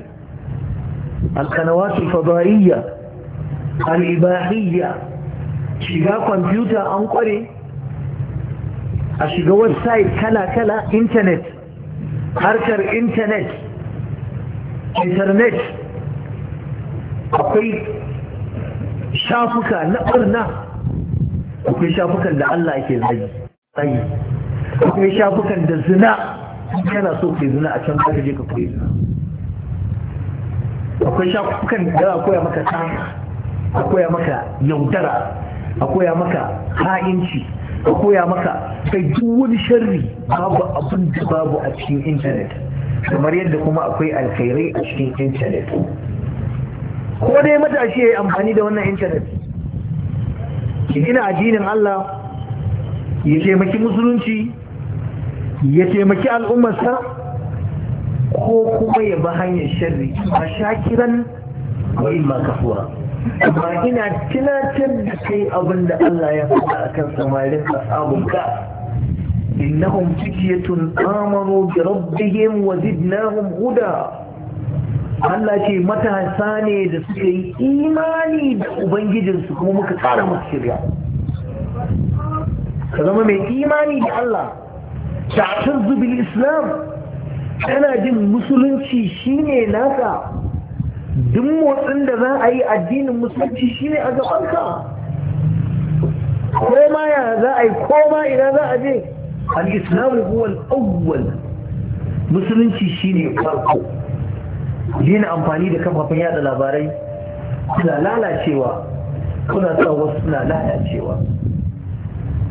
S1: alkanawatu fadariya al'ibahiyya shiga kwamfuta an kware a shiga website kala-kala intanet harkar intanet internet akwai shafuka na ɓarna akwai shafukan da Allah ke zai akwai shafukan da zina yana so ke zina a can ka je ka koyi zina akwai shafukan da a koya maka tsaya a koya maka yaudara a koya maka ha'inci ka koya maka kai duk wani sharri babu abin da babu a cikin intanet kamar yadda kuma akwai alkhairai a cikin intanet ko dai matashi ya yi amfani da wannan intanet ki gina addinin Allah ya taimaki musulunci ya taimaki al'ummarsa ko kuma ya bi hanyar sharri a shakiran wa imma kafura amma ina tunatar da kai abin da Allah ya faɗa akan samarin ashabunka innahum fityatun amanu bi rabbihim wa zidnahum huda Allah ce matasa ne da suka yi imani da ubangijinsu kuma muka tsara musu shirya ka zama mai imani da Allah ta zubil islam kana jin musulunci shine naka duk motsin da za a yi addinin musulunci ne a gabanka ko ma ya za a yi ko ma ina za a je al islamu huwa al-awwal musulunci shine farko dina amfani da kafafen yada labarai suna lalacewa kuna sa wasu suna lalacewa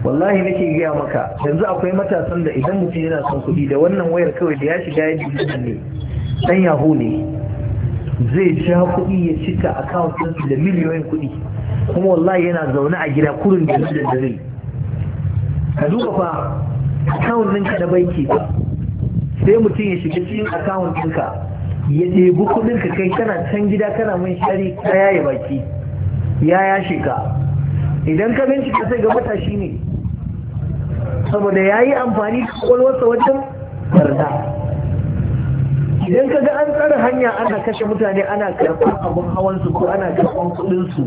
S1: wallahi nake gaya maka yanzu akwai matasan da idan mutum yana son kuɗi da wannan wayar kawai da ya shiga yadda ne dan yahu ne zai sha kuɗi ya cika account da miliyoyin kuɗi kuma wallahi yana zaune a gida kurin da da zai ka duba fa account ɗinka da banki ba sai mutum ya shiga cikin akawun ɗinka ya ɗebi kuɗin ka kai kana can gida kana mun shari ka yaye baki ya yashe ka idan ka bincika sai ga matashi ne saboda ya yi amfani da kwakwalwarsa wajen barna idan ka ga an tsara hanya ana kashe mutane ana karɓar abin hawansu ko ana karɓar kuɗinsu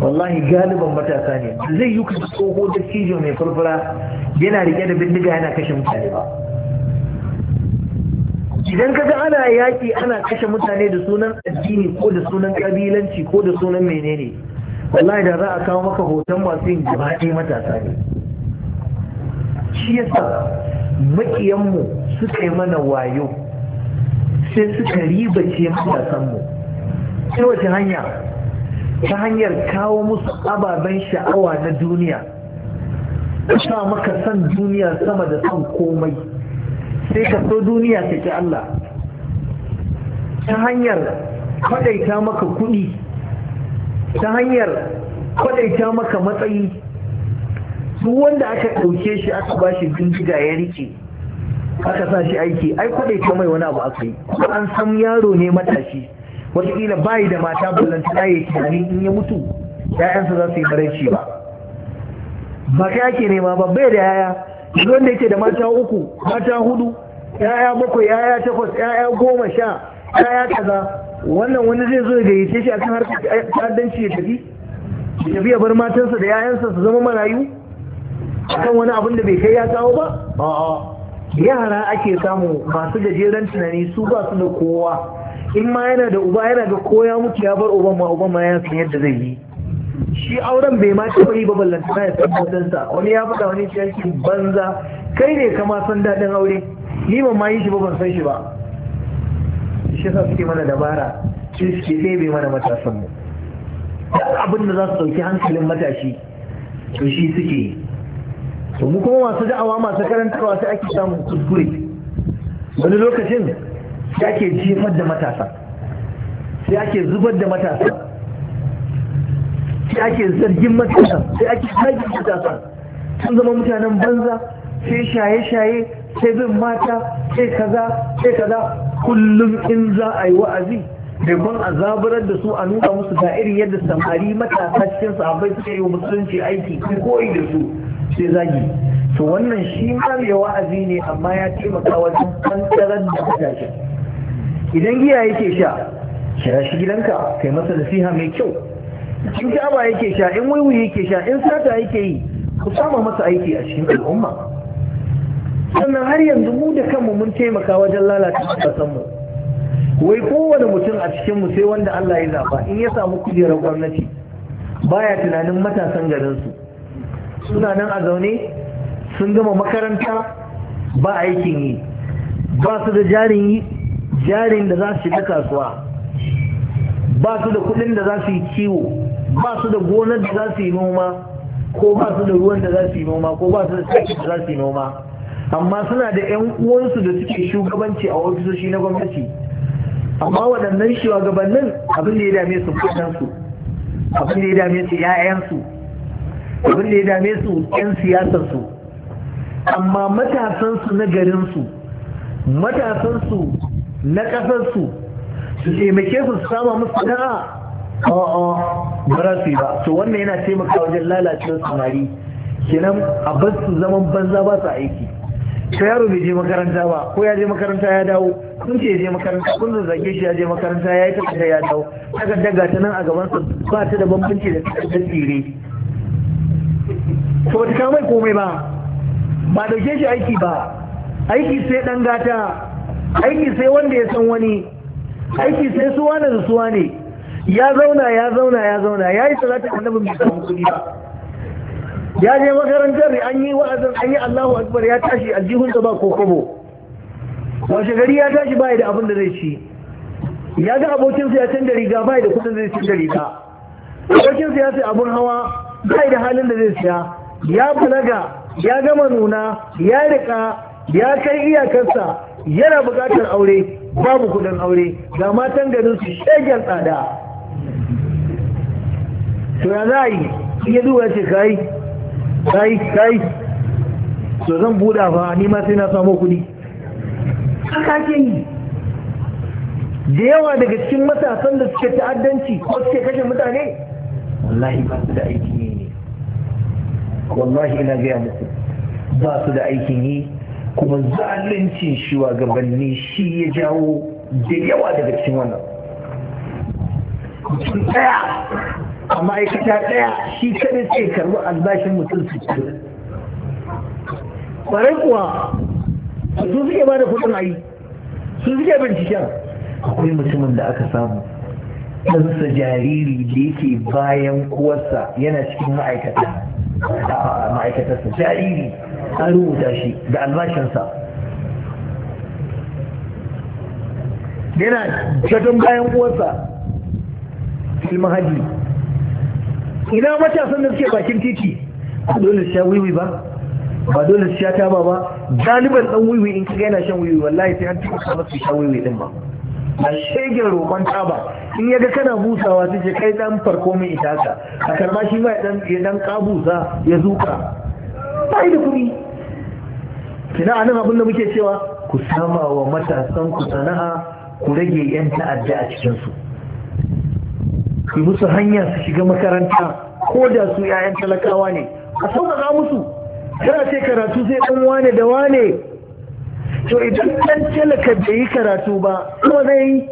S1: wallahi galiban matasa ne zai yi kusa tsoho da cijo mai furfura yana riƙe da bindiga yana kashe mutane ba idan ka ga ana yaƙi ana kashe mutane da sunan addini ko da sunan ƙabilanci ko da sunan menene wallahi da za a kawo maka hoton masu yin jima'i, matasa ne shi yasa makiyanmu suka yi mana wayo sai suka riba ribace mu ta wace hanya ta hanyar kawo musu ababen sha'awa na duniya sa maka san duniya sama da san komai sai ka so duniya ta ki Allah ta hanyar kwadaita maka kuɗi ta hanyar kwadaita maka matsayi duk wanda aka ɗauke shi aka bashi shi ya rike
S2: aka sa shi aiki ai kuɗe
S1: ta mai wani abu aka yi an san yaro ne matashi wataƙila bayi da mata ballanta yi tunani in ya mutu ‘ya'yansa za su yi barci ba ba kai ake nema ba bai da yaya yanzu wanda yake da mata uku mata hudu ‘ya'ya bakwai ‘ya'ya takwas ‘ya'ya goma sha ‘ya'ya kaza wannan wani zai zo da yace shi kan harkar ta'addanci ya tafi ya tafi ya bar matansa da ‘ya'yansa su zama marayu akan wani abin da bai kai ya kawo ba a'a yara ake samu masu gajeren tunani su ba su da kowa in ma yana da uba yana da koya mutu ya bar uban ma uban ma ya san yadda zai yi shi auren bai ma taɓa yi babban ya san daɗinsa wani ya faɗa wani shi banza kai ne kama san daɗin aure ni ban ma yi shi ba ban san shi ba shi sa suke mana dabara shi suke bai mana matasan mu abin da za su ɗauki hankalin matashi to shi suke yi to mu kuma masu da'awa masu karantarwa sai ake samun kuskure wani lokacin sai ake jefar da matasa sai ake zubar da matasa sai ake zargin matasa sai ake zargin matasa sun zama mutanen banza sai shaye-shaye sai bin mata sai kaza sai kaza kullum in za a yi wa'azi maimakon a zaburar da su a nuna musu ga irin yadda samari matasa cikin sahabbai suke yi musulunci aiki koyi da su sai zagi to wannan shi ma mai wa'azi ne amma ya taimaka wajen kantarar da mutane idan giya yake sha kira shi gidanka kai masa nasiha mai kyau in ba yake sha in waiwu yake sha in sata yake yi ku sama masa aiki a cikin al'umma sannan har yanzu mu da kanmu mun taimaka wajen lalata kasanmu wai kowane mutum a cikin mu sai wanda Allah ya zaba in ya samu kujerar gwamnati baya tunanin matasan garin su suna nan a zaune sun gama makaranta ba aikin yi ba su da jarin yi jarin da za su shiga kasuwa ba su da kudin da za su yi kiwo ba su da gonar da za su yi noma ko ba su da ruwan da za su yi noma ko ba su da tsakin da za su yi noma amma suna da 'yan uwansu da suke shugabanci a ofisoshi na gwamnati amma waɗannan shugabannin abin da ya dame su kudansu abin da ya dame su ‘ya'yansu abin da ya dame su ‘yan siyasarsu amma matasansu na garinsu matasansu na ƙasarsu su taimake su su sama musu da'a a'a ba su yi ba to wannan yana taimaka wajen lalacewar samari kenan a bar su zaman banza ba su aiki ta yaro bai je makaranta ba ko ya je makaranta ya dawo kun ce je makaranta kun zage shi ya je makaranta ya yi takarda ya dawo daga daga ta nan a gaban sa ba ta da bambanci da takardar tsire to ba ta kawo mai komai ba ba dauke shi aiki ba aiki sai dan gata aiki sai wanda ya san wani aiki sai suwa da suwa ne ya zauna ya zauna ya zauna ya yi salatu annabi bai samu kudi ba ya je makarantar an yi wa'azin an yi Allahu akbar ya tashi aljihunsa ba ko kobo washe gari ya tashi bai da abin da zai ci ya ga abokinsa ya canza riga bai da kudin zai canza riga abokinsa ya sai abin hawa bai da halin da zai siya ya balaga ya gama nuna ya rika ya kai iyakarsa yana bukatar aure babu kudin aure ga matan garin su shagen tsada to ya za yi iya zuwa ce kai kai kai to zan buda fa ni ma sai na samo kuɗi haka ke yi da yawa daga cikin matasan da suke ta'addanci ko suke kashe mutane wallahi ba su da aikin yi ne wallahi ina gaya muku ba su da aikin yi kuma zaluncin shugabanni shi ya jawo da yawa daga cikin wannan
S2: mutum ɗaya
S1: a ma'aikata ɗaya shi kada sai karɓi albashin mutum su kwarai kuwa su suke ba da kudin ayi su suke binciken akwai mutumin da aka samu ɗansa jariri da yake bayan kuwarsa yana cikin ma'aikata ma'aikatarsa jariri an rubuta shi da albashinsa yana jadon bayan uwarsa filmin hajji ina matasan da suke bakin titi dole shawiwi ba ba dole su sha taba ba galiban dan wiwi in kaga yana shan wiwi wallahi sai an tuka masa sha wiwi din ba a shegen roƙon taba in ya ga kana busawa sai kai dan farko min ita ka a karma shi ma ya dan ya dan kabusa ya zuka da kuɗi kina anan abin da muke cewa ku sama wa matasan ku sana'a ku rage yan ta'adda a cikin su ku musu hanya su shiga makaranta ko da su 'ya'yan talakawa ne a sauƙaƙa musu kana ce karatu sai dan wane da wane to idan dan talaka bai yi karatu ba kuma zai yi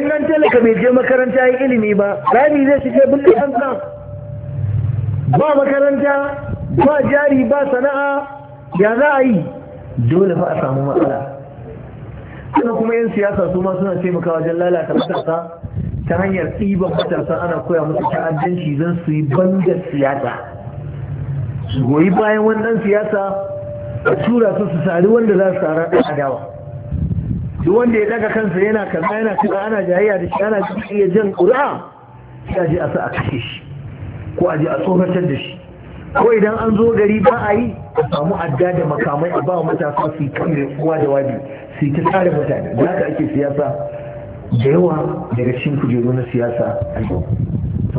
S1: in dan talaka bai je makaranta yi ilimi ba rami zai shige bulle kansa ba makaranta ba jari ba sana'a ya za a yi dole fa a samu matsala kuma kuma yan siyasa su ma suna taimakawa wajen lalata matasa ta hanyar tsiban matasa ana koya musu ta'addanci zan su yi banda siyasa Su goyi bayan wannan siyasa a tura su su sari wanda za su tara da adawa duk wanda ya daga kansa yana kaza yana cika ana jayayya da shi ana iya jan ƙuri'a ya a a sa a kashe shi ko a je a tsoratar da shi ko idan an zo gari ba a yi a samu adda da makamai a ba matasa su yi kamar kowa da wabi su yi ta tsare mutane da haka ake siyasa da yawa daga cikin kujeru na siyasa a yau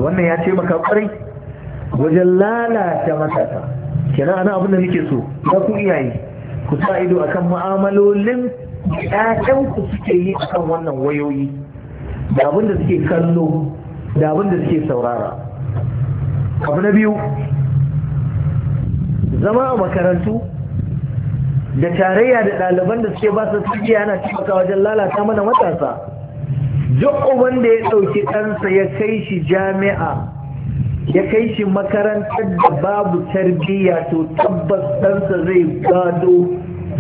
S1: wannan ya taimaka kwarai wajen lalata matasa kenan ana abin da muke so na ku iyaye ku sa ido akan mu'amalolin ƴaƴan ku suke yi akan wannan wayoyi da abin da suke kallo da abin da suke saurara abu na biyu zama a makarantu da tarayya da ɗaliban da suke ba su suke yana taimaka wajen lalata mana matasa duk wanda ya ɗauki ɗansa ya kai shi jami'a ya kai shi makarantar da babu tarbiyya to tabbas ɗansa zai gado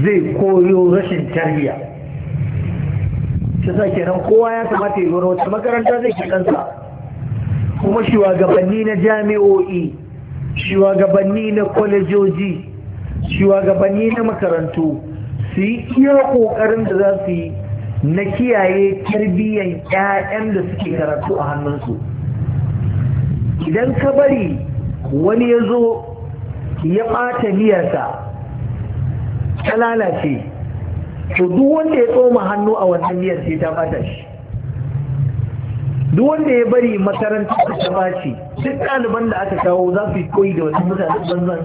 S1: zai koyo rashin tarbiyya shi kenan kowa ya kamata ya wata makaranta zai ke ɗansa kuma shugabanni na jami'o'i shugabanni na kwalejoji shugabanni na makarantu su yi iya ƙoƙarin da za su yi na kiyaye tarbiyyan 'ya'yan da suke karatu a hannunsu idan ka bari wani ya zo ya ɓata niyarsa ta lalace to duk wanda ya tsoma hannu a wannan niyar sai ta ɓata shi duk wanda ya bari makaranta ta ce duk ɗaliban da aka kawo za su yi koyi da wasu mutane banzan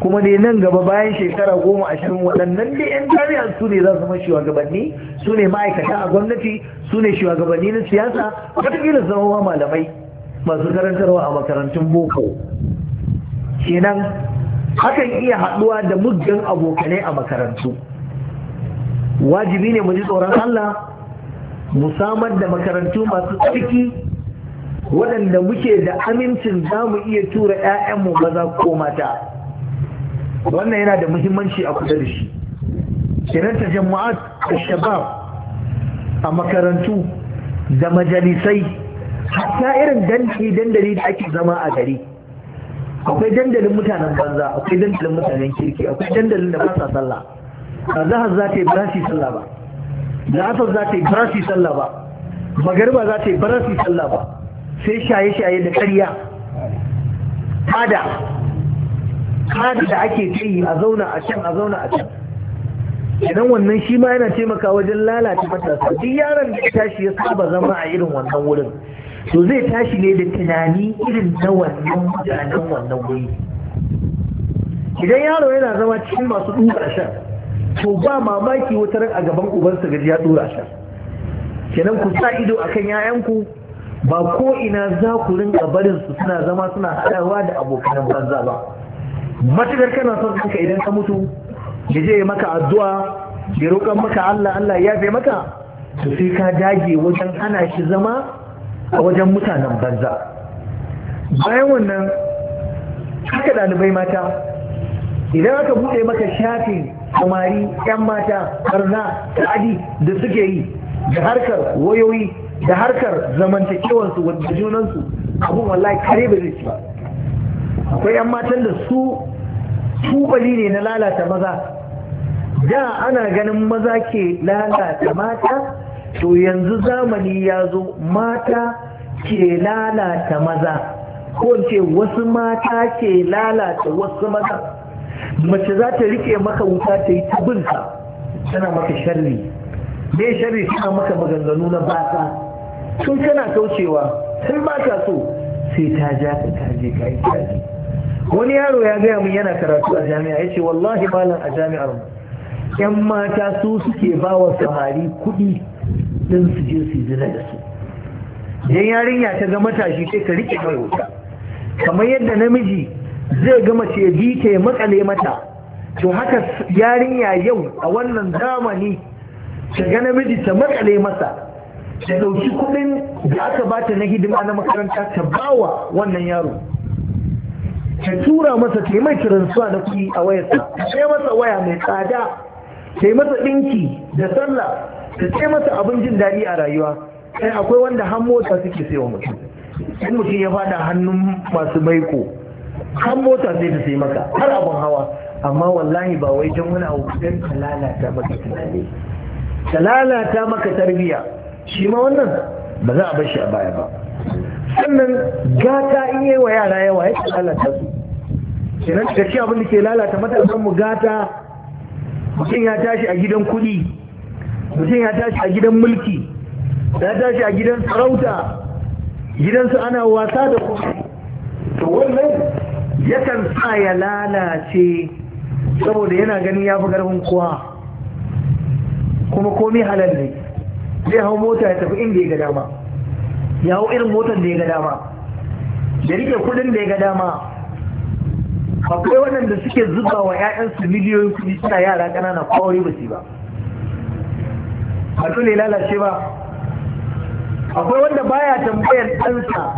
S1: kuma ne nan gaba bayan shekara goma ashirin waɗannan da 'yan jami'an su ne za su ma shugabanni su ne ma'aikata a gwamnati su ne shugabanni na siyasa wataƙila zama malamai masu karantarwa a makarantun boko kenan hakan iya haɗuwa da muggan abokanai a makarantu wajibi ne mu ji tsoron Allah mu samar da makarantu masu tsarki waɗanda muke da amincin za mu iya tura 'ya'yanmu maza ko mata wannan yana da muhimmanci a kusa da shi kenan ta jama'a da shabab a makarantu da majalisai hatta irin danci dandali da ake zama a gari akwai dandalin mutanen banza akwai dandalin mutanen kirki akwai dandalin da fasa sallah azhar za ta yi barasi sallah ba asar za ta yi barasi sallah ba magariba za ta yi barasi sallah ba sai shaye-shaye da karya. kada kada da ake kai a zauna a can a zauna a can idan wannan shi ma yana taimaka wajen lalata matasa duk yaron da ya tashi ya saba zama a irin wannan wurin to zai tashi ne da tunani irin na wannan mutanen wannan wuri idan yaro yana zama cikin masu dura shan to ba mamaki wata ran a gaban ubansa gaji ya dura shan kenan ku sa ido akan yayanku ba ko ina za ku rinka barin su suna zama suna haɗawa da abokan banza ba matukar kana son kanka idan ka mutu ya je maka addu'a ya roƙan maka Allah Allah ya fi maka to sai ka dage wajen hana shi zama a wajen mutanen banza bayan wannan haka ɗalibai mata idan aka buɗe maka shafin kumari 'yan mata karna ta'adi da suke yi da harkar wayoyi da harkar zamantakewarsu da junansu abun wallahi kare ba zai ci ba akwai 'yan matan da su tubali ne na lalata maza da ana ganin maza ke lalata mata to yanzu zamani ya zo mata ke lalata maza ko ce wasu mata ke lalata wasu maza mace za ta rike maka wuta ta yi tabinka tana maka sharri me sharri tana maka maganganu na basa tun tana kaucewa sai ba ta so sai ta ja ta kaje ka yi kaji wani yaro ya gaya min yana karatu a jami'a ya ce wallahi malam a jami'ar mu yan mata su suke ba wa samari kuɗi don su je su zina da su idan yarinya ta ga matashi sai ka rike mai wuta kamar yadda namiji zai gama mace bi ta ya makale mata to haka yarinya yau a wannan zamani ta ga namiji ta makale masa ta ɗauki kuɗin da aka bata na hidima na makaranta ta bawa wannan yaro ta tura masa ta yi mai kiransuwa na kuɗi a wayarsa ta ce masa waya mai tsada ta yi masa ɗinki da sallah ta ce masa abin jin daɗi a rayuwa kai akwai wanda han mota suke wa mutum in mutum ya fada hannun masu maiko, han mota sai ta sai maka har abun hawa amma wallahi ba wai don wani abu dan ka lalata maka tunani ka lalata maka tarbiya shi ma wannan ba za a bar shi a baya ba sannan gata in yi wa yara yawa ya lalata su kenan da shi abin da ke lalata matasan mu gata mutum ya tashi a gidan kuɗi mutum ya tashi a gidan mulki ta tashi a gidan sarauta gidansu ana wasa da kuma to wannan yakan sa ya lalace saboda yana ganin ya fi ƙarfin kowa kuma komai halal ne zai hau mota ya tafi inda ya ga dama ya hau irin motar da ya ga dama da rike kudin da ya ga dama akwai waɗanda suke zuba wa 'ya'yansu miliyoyin kudi suna yara ƙanana kawai ba su ba a lalace ba akwai wanda baya tambayar ɗansa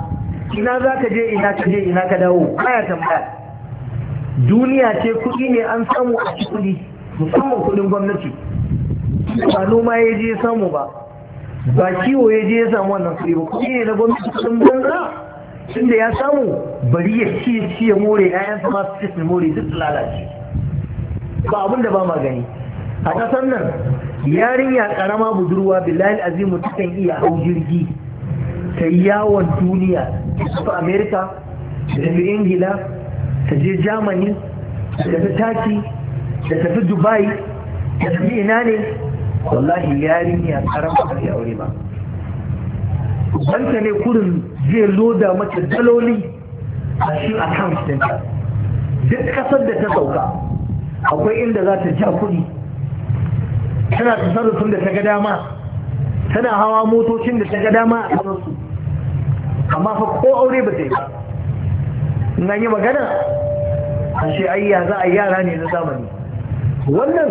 S1: ina za ka je ina ka je ina ka dawo baya tambaya duniya ce kuɗi ne an samu a kuɗi musamman kuɗin gwamnati ba noma ya je samu ba ba kiwo ya je samu wannan kuɗi ba kuɗi ne na gwamnati kuɗin banza tunda ya samu bari ya ci ci ya more ƴaƴansa ma su ci su more duk lalace ba abin ba magani. a ƙasar nan yarinya karama budurwa billahi azimu takan iya hau jirgi ta yawon duniya ta amerika da tafi ingila ta je germany da tafi taki da tafi dubai da tafi ina ne wallahi yarinya karama ba ya aure ba ta ne kurin zai loda mata daloli a shi account ɗinta duk kasar da ta sauka akwai inda za ta ja kuɗi tana tasarrufin da ta ga dama tana hawa motocin da ta ga dama a kansu amma fa ko aure ba ta yi ba na yi magana a ce ayya za a yara ne na zamani wannan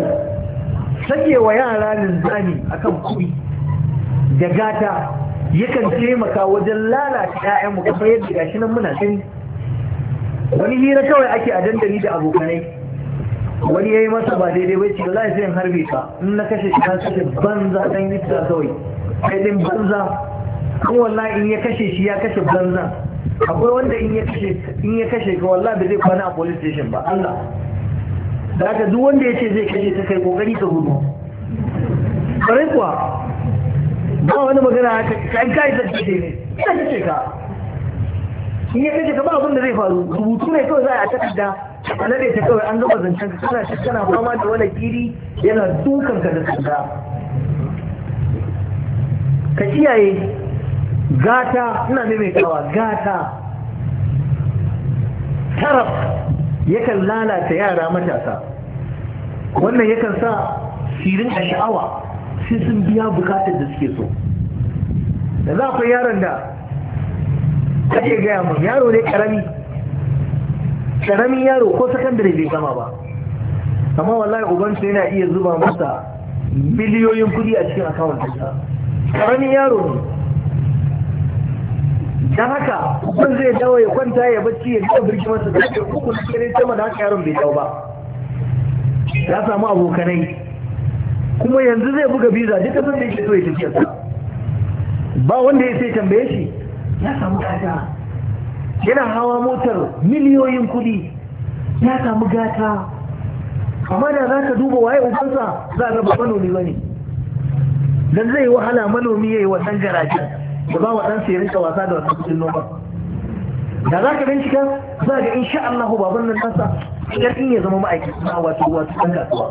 S1: sakewa yara a akan kuɗi da gata yakan taimaka wajen lalata 'ya'yanmu kamar yadda gashi nan muna gani wani hira kawai ake a dandali da abokanai wani ya yi masa ba daidai bai ce wallahi sai harbi harbe ka in na kashe shi kan kashe banza dan yadda kawai kai din banza kuma wallahi in ya kashe shi ya kashe banza akwai wanda in ya kashe in ya kashe ka wallahi ba zai kwana a police station ba Allah da aka duk wanda ya ce zai kashe ta kai kokari ka gudu kare kuwa ba wani magana haka kai kai ta kashe ne ina kashe ka in ya kashe ka ba abin da zai faru rubutu ne kawai za a takarda a nade ta kawai an gama zancen ka kana shi kana fama da wani kiri yana dukan ka da sanda ka kiyaye gata ina kawa gata taraf yakan lalata yara matasa wannan yakan sa sirin a sha'awa sai sun biya bukatar da suke so da za ku yaron da kake gaya mun yaro ne karami karamin yaro ko sakandare bai gama ba amma wallahi ubansa yana iya zuba masa miliyoyin kudi a cikin akawun ɗinsa karamin yaro ne Da haka kun zai dawo ya kwanta ya bacci ya gina birki masa da ake uku na kere sama da haka yaron bai dawo ba ya samu abokanai kuma yanzu zai buga biza duka sun da yake so ya tafiya ba wanda ya sai tambaye shi ya samu kaja yana hawa motar miliyoyin kudi ya samu gata amma da za ka duba waye ubansa za a ba manomi ba ne dan zai wahala manomi ya yi wa ɗan garaje da ba wa ɗan sai rinka wasa da wasan kudin noma da za ka bincika za ga insha Allah baban nan nasa idan ya zama ma'aikacin na wato wato ɗan kasuwa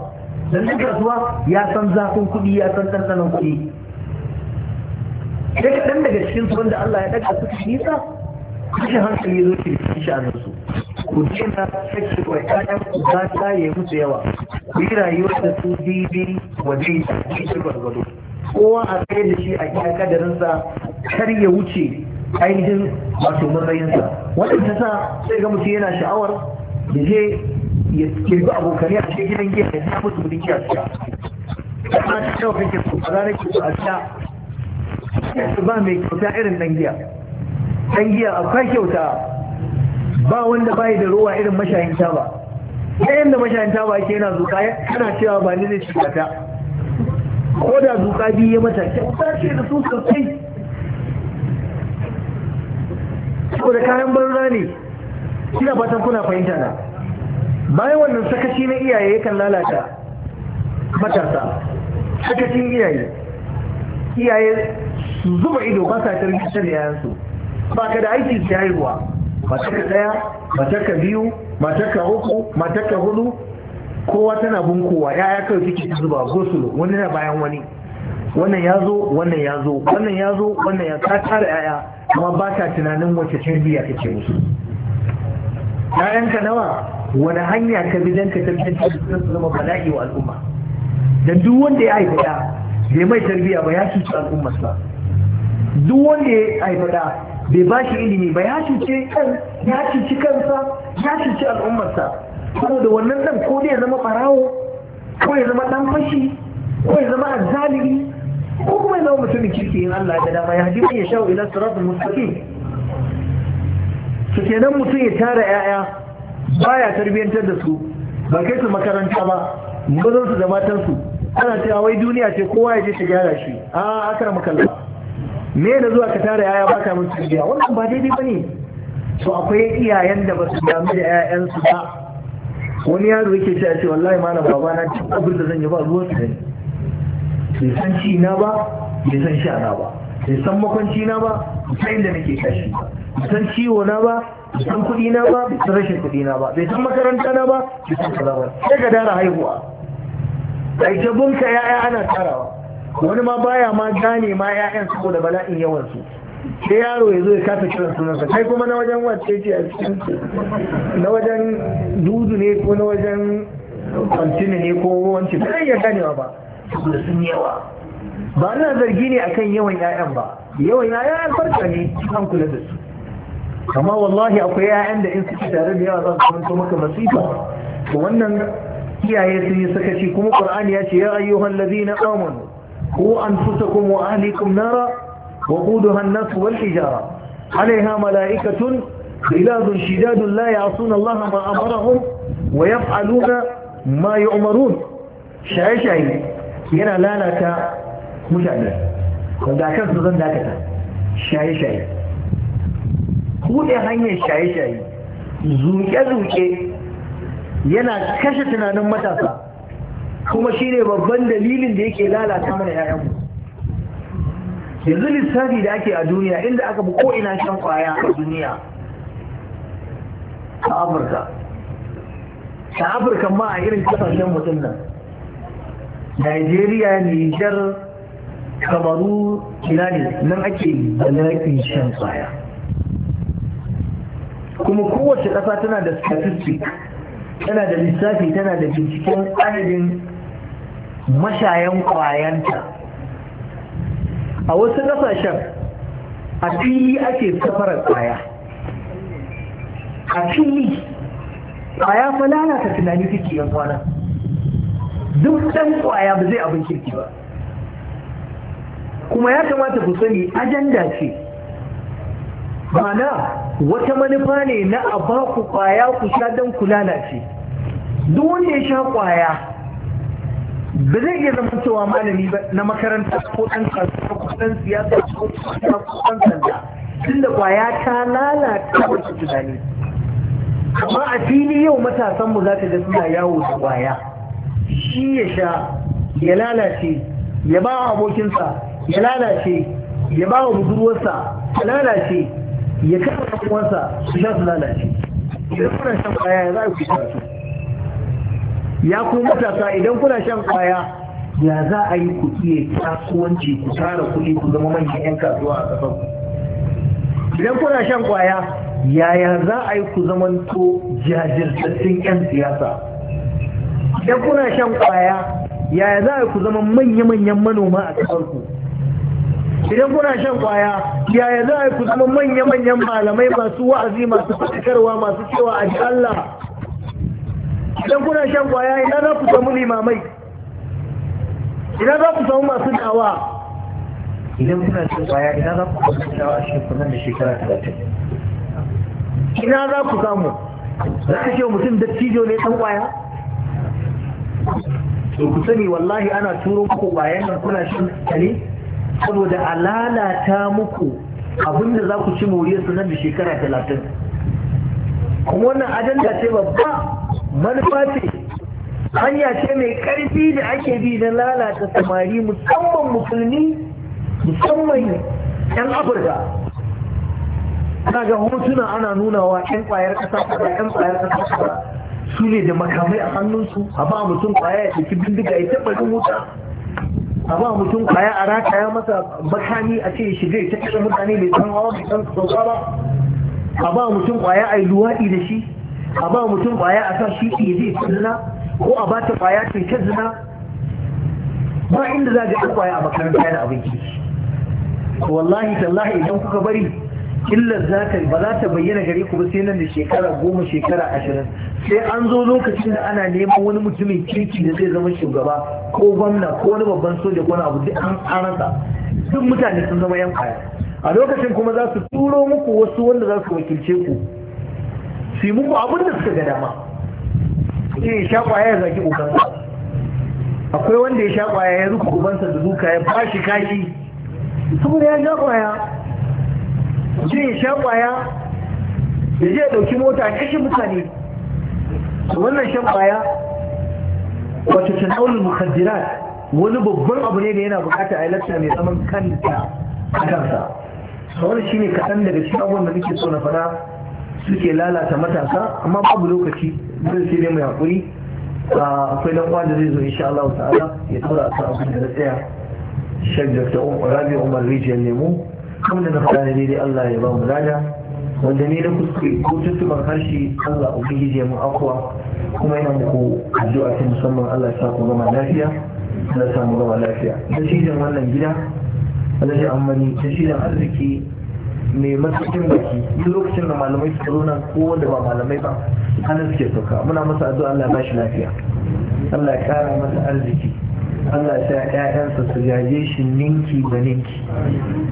S1: dan duk kasuwa ya san zafin kuɗi ya san ɗanɗanon kuɗi daga ɗan daga cikin su wanda Allah ya ɗaga su nisa kashe hankali zo ki shi a nan su ku ce na sake wa kayan ku za ta yi musu yawa ku yi rayuwar da su daidai wa daidai daidai gwargwado kowa a kai da shi a iya kadarinsa kar ya wuce ainihin wato matsayinsa wannan ta sa sai ga mutum yana sha'awar Ya je ya kirbi abokanai a cikin gidan giya ya sa musu mutum giya su ta ta kawai kake so a ranar kisa a sha ba mai kyauta irin nan giya dan giya akwai kyauta ba wanda ba da ruwa irin mashayin taba ɗayan da mashayin taba ke yana zuka yana cewa ba ni zai shiga ta ko da zuka biyu ya mata kyauta ce da su sosai da kayan barna ne kina fatan kuna fahimta na bayan wannan sakaci na iyaye yakan lalata matasa sakacin iyaye iyaye su zuba ido ba sa tarbiyyar yayansu ba ka da aiki sai haihuwa matarka ɗaya matarka biyu matarka uku matarka hudu kowa tana bunkowa yaya kawai suke zuba gosulo wani na bayan wani wannan ya zo wannan ya zo wannan ya zo wannan ya ka tara yaya amma ba ta tunanin wace ta kake musu ka nawa wani hanya ka bi don ka tarbiyyanci su zama bala'i wa al'umma Da duk wanda ya haifa da bai mai tarbiyya ba ya cuci al'ummarsa duk wanda ya haifa da bai ba shi ilimi ba ya cuce kan ya cuci kansa ya cuci al'ummarsa saboda wannan dan ko ya zama farawo ko ya zama dan fashi ko ya zama azzalimi ko kuma ya zama mutumin kirki in Allah ya dama ya ya shawo ila siratul mustaqim su kenan mutum ya tara yaya baya tarbiyantar da su ba kai su makaranta ba mazan su da matan su ana cewa wai duniya ce kowa ya je ta gyara shi a ah, akar makalla me da zuwa ka tara yaya baka musu tarbiyya wannan ba daidai bane to akwai iyayen da ba su damu da 'ya'yansu ba wani yaro yake ce a ce wallahi ma na baba na cin abin da zan yi ba ruwan su ne bai san ci na ba bai san sha na ba bai san makwanci na ba bai san inda nake kashi ba bai san ciwo na ba bai san kuɗi na ba bai san rashin kuɗi na ba bai san makaranta na ba bai san kaza ba sai ka dara haihuwa ai ta ya'ya ana tarawa wani ma baya ma gane ma 'ya'yan da bala'in yawansu sai yaro ya zo ya kasa kiran sunansa kai kuma na wajen wacce ce a cikin na wajen dudu ne ko na wajen kwantini ne ko wancan ba zai iya ganewa ba saboda sun yawa ba na zargi ne akan yawan 'ya'yan ba yawan 'ya'yan farka ne an kula da su amma wallahi akwai 'ya'yan da in suke tare da yawa za su kwanto maka masifa to wannan iyaye sun yi sakaci kuma qur'ani ya ce ya ayyuhan ladina amanu قوا أنفسكم وأهلكم نارا وقودها الناس والحجارة عليها ملائكة غلاد شداد لا يعصون الله ما أمرهم ويفعلون ما يؤمرون شاي شاي ينا لا لا تا مجعلة وذاك الزغن ذاك تا شاي شاي هو ده هنية شاي شاي zuke-zuke yana kashe tunanin matasa kuma shi ne babban dalilin da yake lalata mana ‘ya'yanmu yanzu lissafi da ake a duniya inda aka bi ko'ina shan kwaya a duniya a afirka afirka ma a irin kasashen mutum nan nigeria nijar kamaru kinani nan ake bala'in shan kwaya kuma kowace ƙasa tana da statistic tana da lissafi tana da binciken adadin mashayan kwayanta a wasu kasashen a fili ake safarar kwaya a fili kwaya fa lalata tunani take yan kwana duk ɗan kwaya ba zai abin kirki ba kuma ya kamata ku sani ajanda ce mana wata manufa ne na a ba ku kwaya ku sha don ku ce duk wanda ya sha kwaya ba zai iya zama cewa malami na makaranta ko ɗan kasuwa ko ɗan siyasa ko ɗan sanda da kwaya ta lalata wasu tunani amma a fili yau matasanmu za ta ga suna yawo da kwaya shi ya sha ya lalace ya ba wa abokinsa ya lalace ya ba wa budurwarsa ya lalace ya kasa uwansa su sha su lalace idan kuna shan kwaya ya za ku sha su ya ku matasa idan kuna shan kwaya ya za a yi ku iya kasuwanci ku tara kuɗi ku zama manyan 'yan kasuwa a ƙasar idan kuna shan kwaya yaya za a yi ku to jajirtattun 'yan siyasa idan kuna shan kwaya yaya za a yi ku zama manya-manyan manoma a ƙasar ku idan kuna shan kwaya yaya za a yi ku zama manya-manyan malamai masu wa'azi masu fatakarwa masu cewa a Allah idan kuna shan kwaya ina za ku samu limamai ina za ku samu masu dawa idan kuna shan kwaya ina za ku samu dawa shi kuma da shekara talatin ina za ku samu za ka ce mutum dattijo ne san kwaya to ku sani wallahi ana turo muku kwayan nan kuna shan kare saboda a lalata muku abinda za ku ci moriyar su nan da shekara talatin kuma wannan ajanda ce babba manufa ce hanya ce mai karfi da ake bi na lalata samari musamman musulmi musamman yan afirka ana ga hotuna ana nuna wa yan kwayar kasa kaza yan kwayar kasa su ne da makamai a hannunsu a ba mutum kwaya ya tafi bindiga ya taɓa wuta a ba mutum kwaya a raka ya masa makami a ce shiga ya tafi mutane mai san hawa mai san sauka ba a ba mutum kwaya a yi luwaɗi da shi a ba mutum baya a sa shi ke zai zina ko a ba ta baya ce ta zina ba inda za ga kwaya a makaranta da abinci wallahi tallahi idan kuka bari illar za ba za ta bayyana gare ku ba sai nan da shekara goma shekara ashirin sai an zo lokacin da ana neman wani mutumin kirki da zai zama shugaba ko gwamna ko wani babban soja ko wani abu duk an karanta duk mutane sun zama yan kaya a lokacin kuma za su turo muku wasu wanda za su wakilce ku su yi muku abin da suka ga dama ya eh, sha kwaya ya zaki ubansa akwai wanda ya sha kwaya ya rufe ubansa da duka ya shi kashi saboda ya sha kwaya je ya sha kwaya ya je ya ɗauki mota ya kashe mutane wannan shan kwaya wato tanawulul mukaddirat wani babban abu ne da yana bukata a lakta mai zaman kanta a kansa wani ne kaɗan daga cikin abubuwan da nake so na faɗa suke lalata matasa amma babu lokaci zai sai dai mai haƙuri ah, akwai dan da zai zo insha Allah ta'ala ya tura ta abin da tsaya Sheikh Dr. Rabi Umar Rijiyar Lemu kuma da na faɗa ne daidai Allah ya ba mu lada wanda ne da kuskure ko tuntuban harshe Allah ubangiji ya mu akwa kuma yana muku addu'a ta musamman Allah ya sa ku gama lafiya Allah ya gama lafiya da shi wannan gida Allah ya ammani da shi arziki mai matsakin baki yi lokacin da malamai suka zo nan ko wanda ba malamai ba hannun suke sauka muna masa addu'a Allah ba shi lafiya Allah ya kara masa arziki Allah ya sa ƴaƴansa su gaje shi ninki da ninki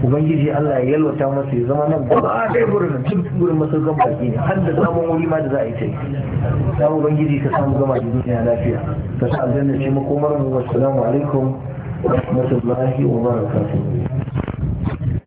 S1: ubangiji Allah ya yalwata masa ya zama nan gaba ɗaya gurin tun gurin masaukan baki ne har da samun wuri ma da za a yi ta yi ya ubangiji ka samu gama da duniya lafiya ka sa aljanna ce makomar mu wassalamu alaikum wa rahmatullahi wa barakatuh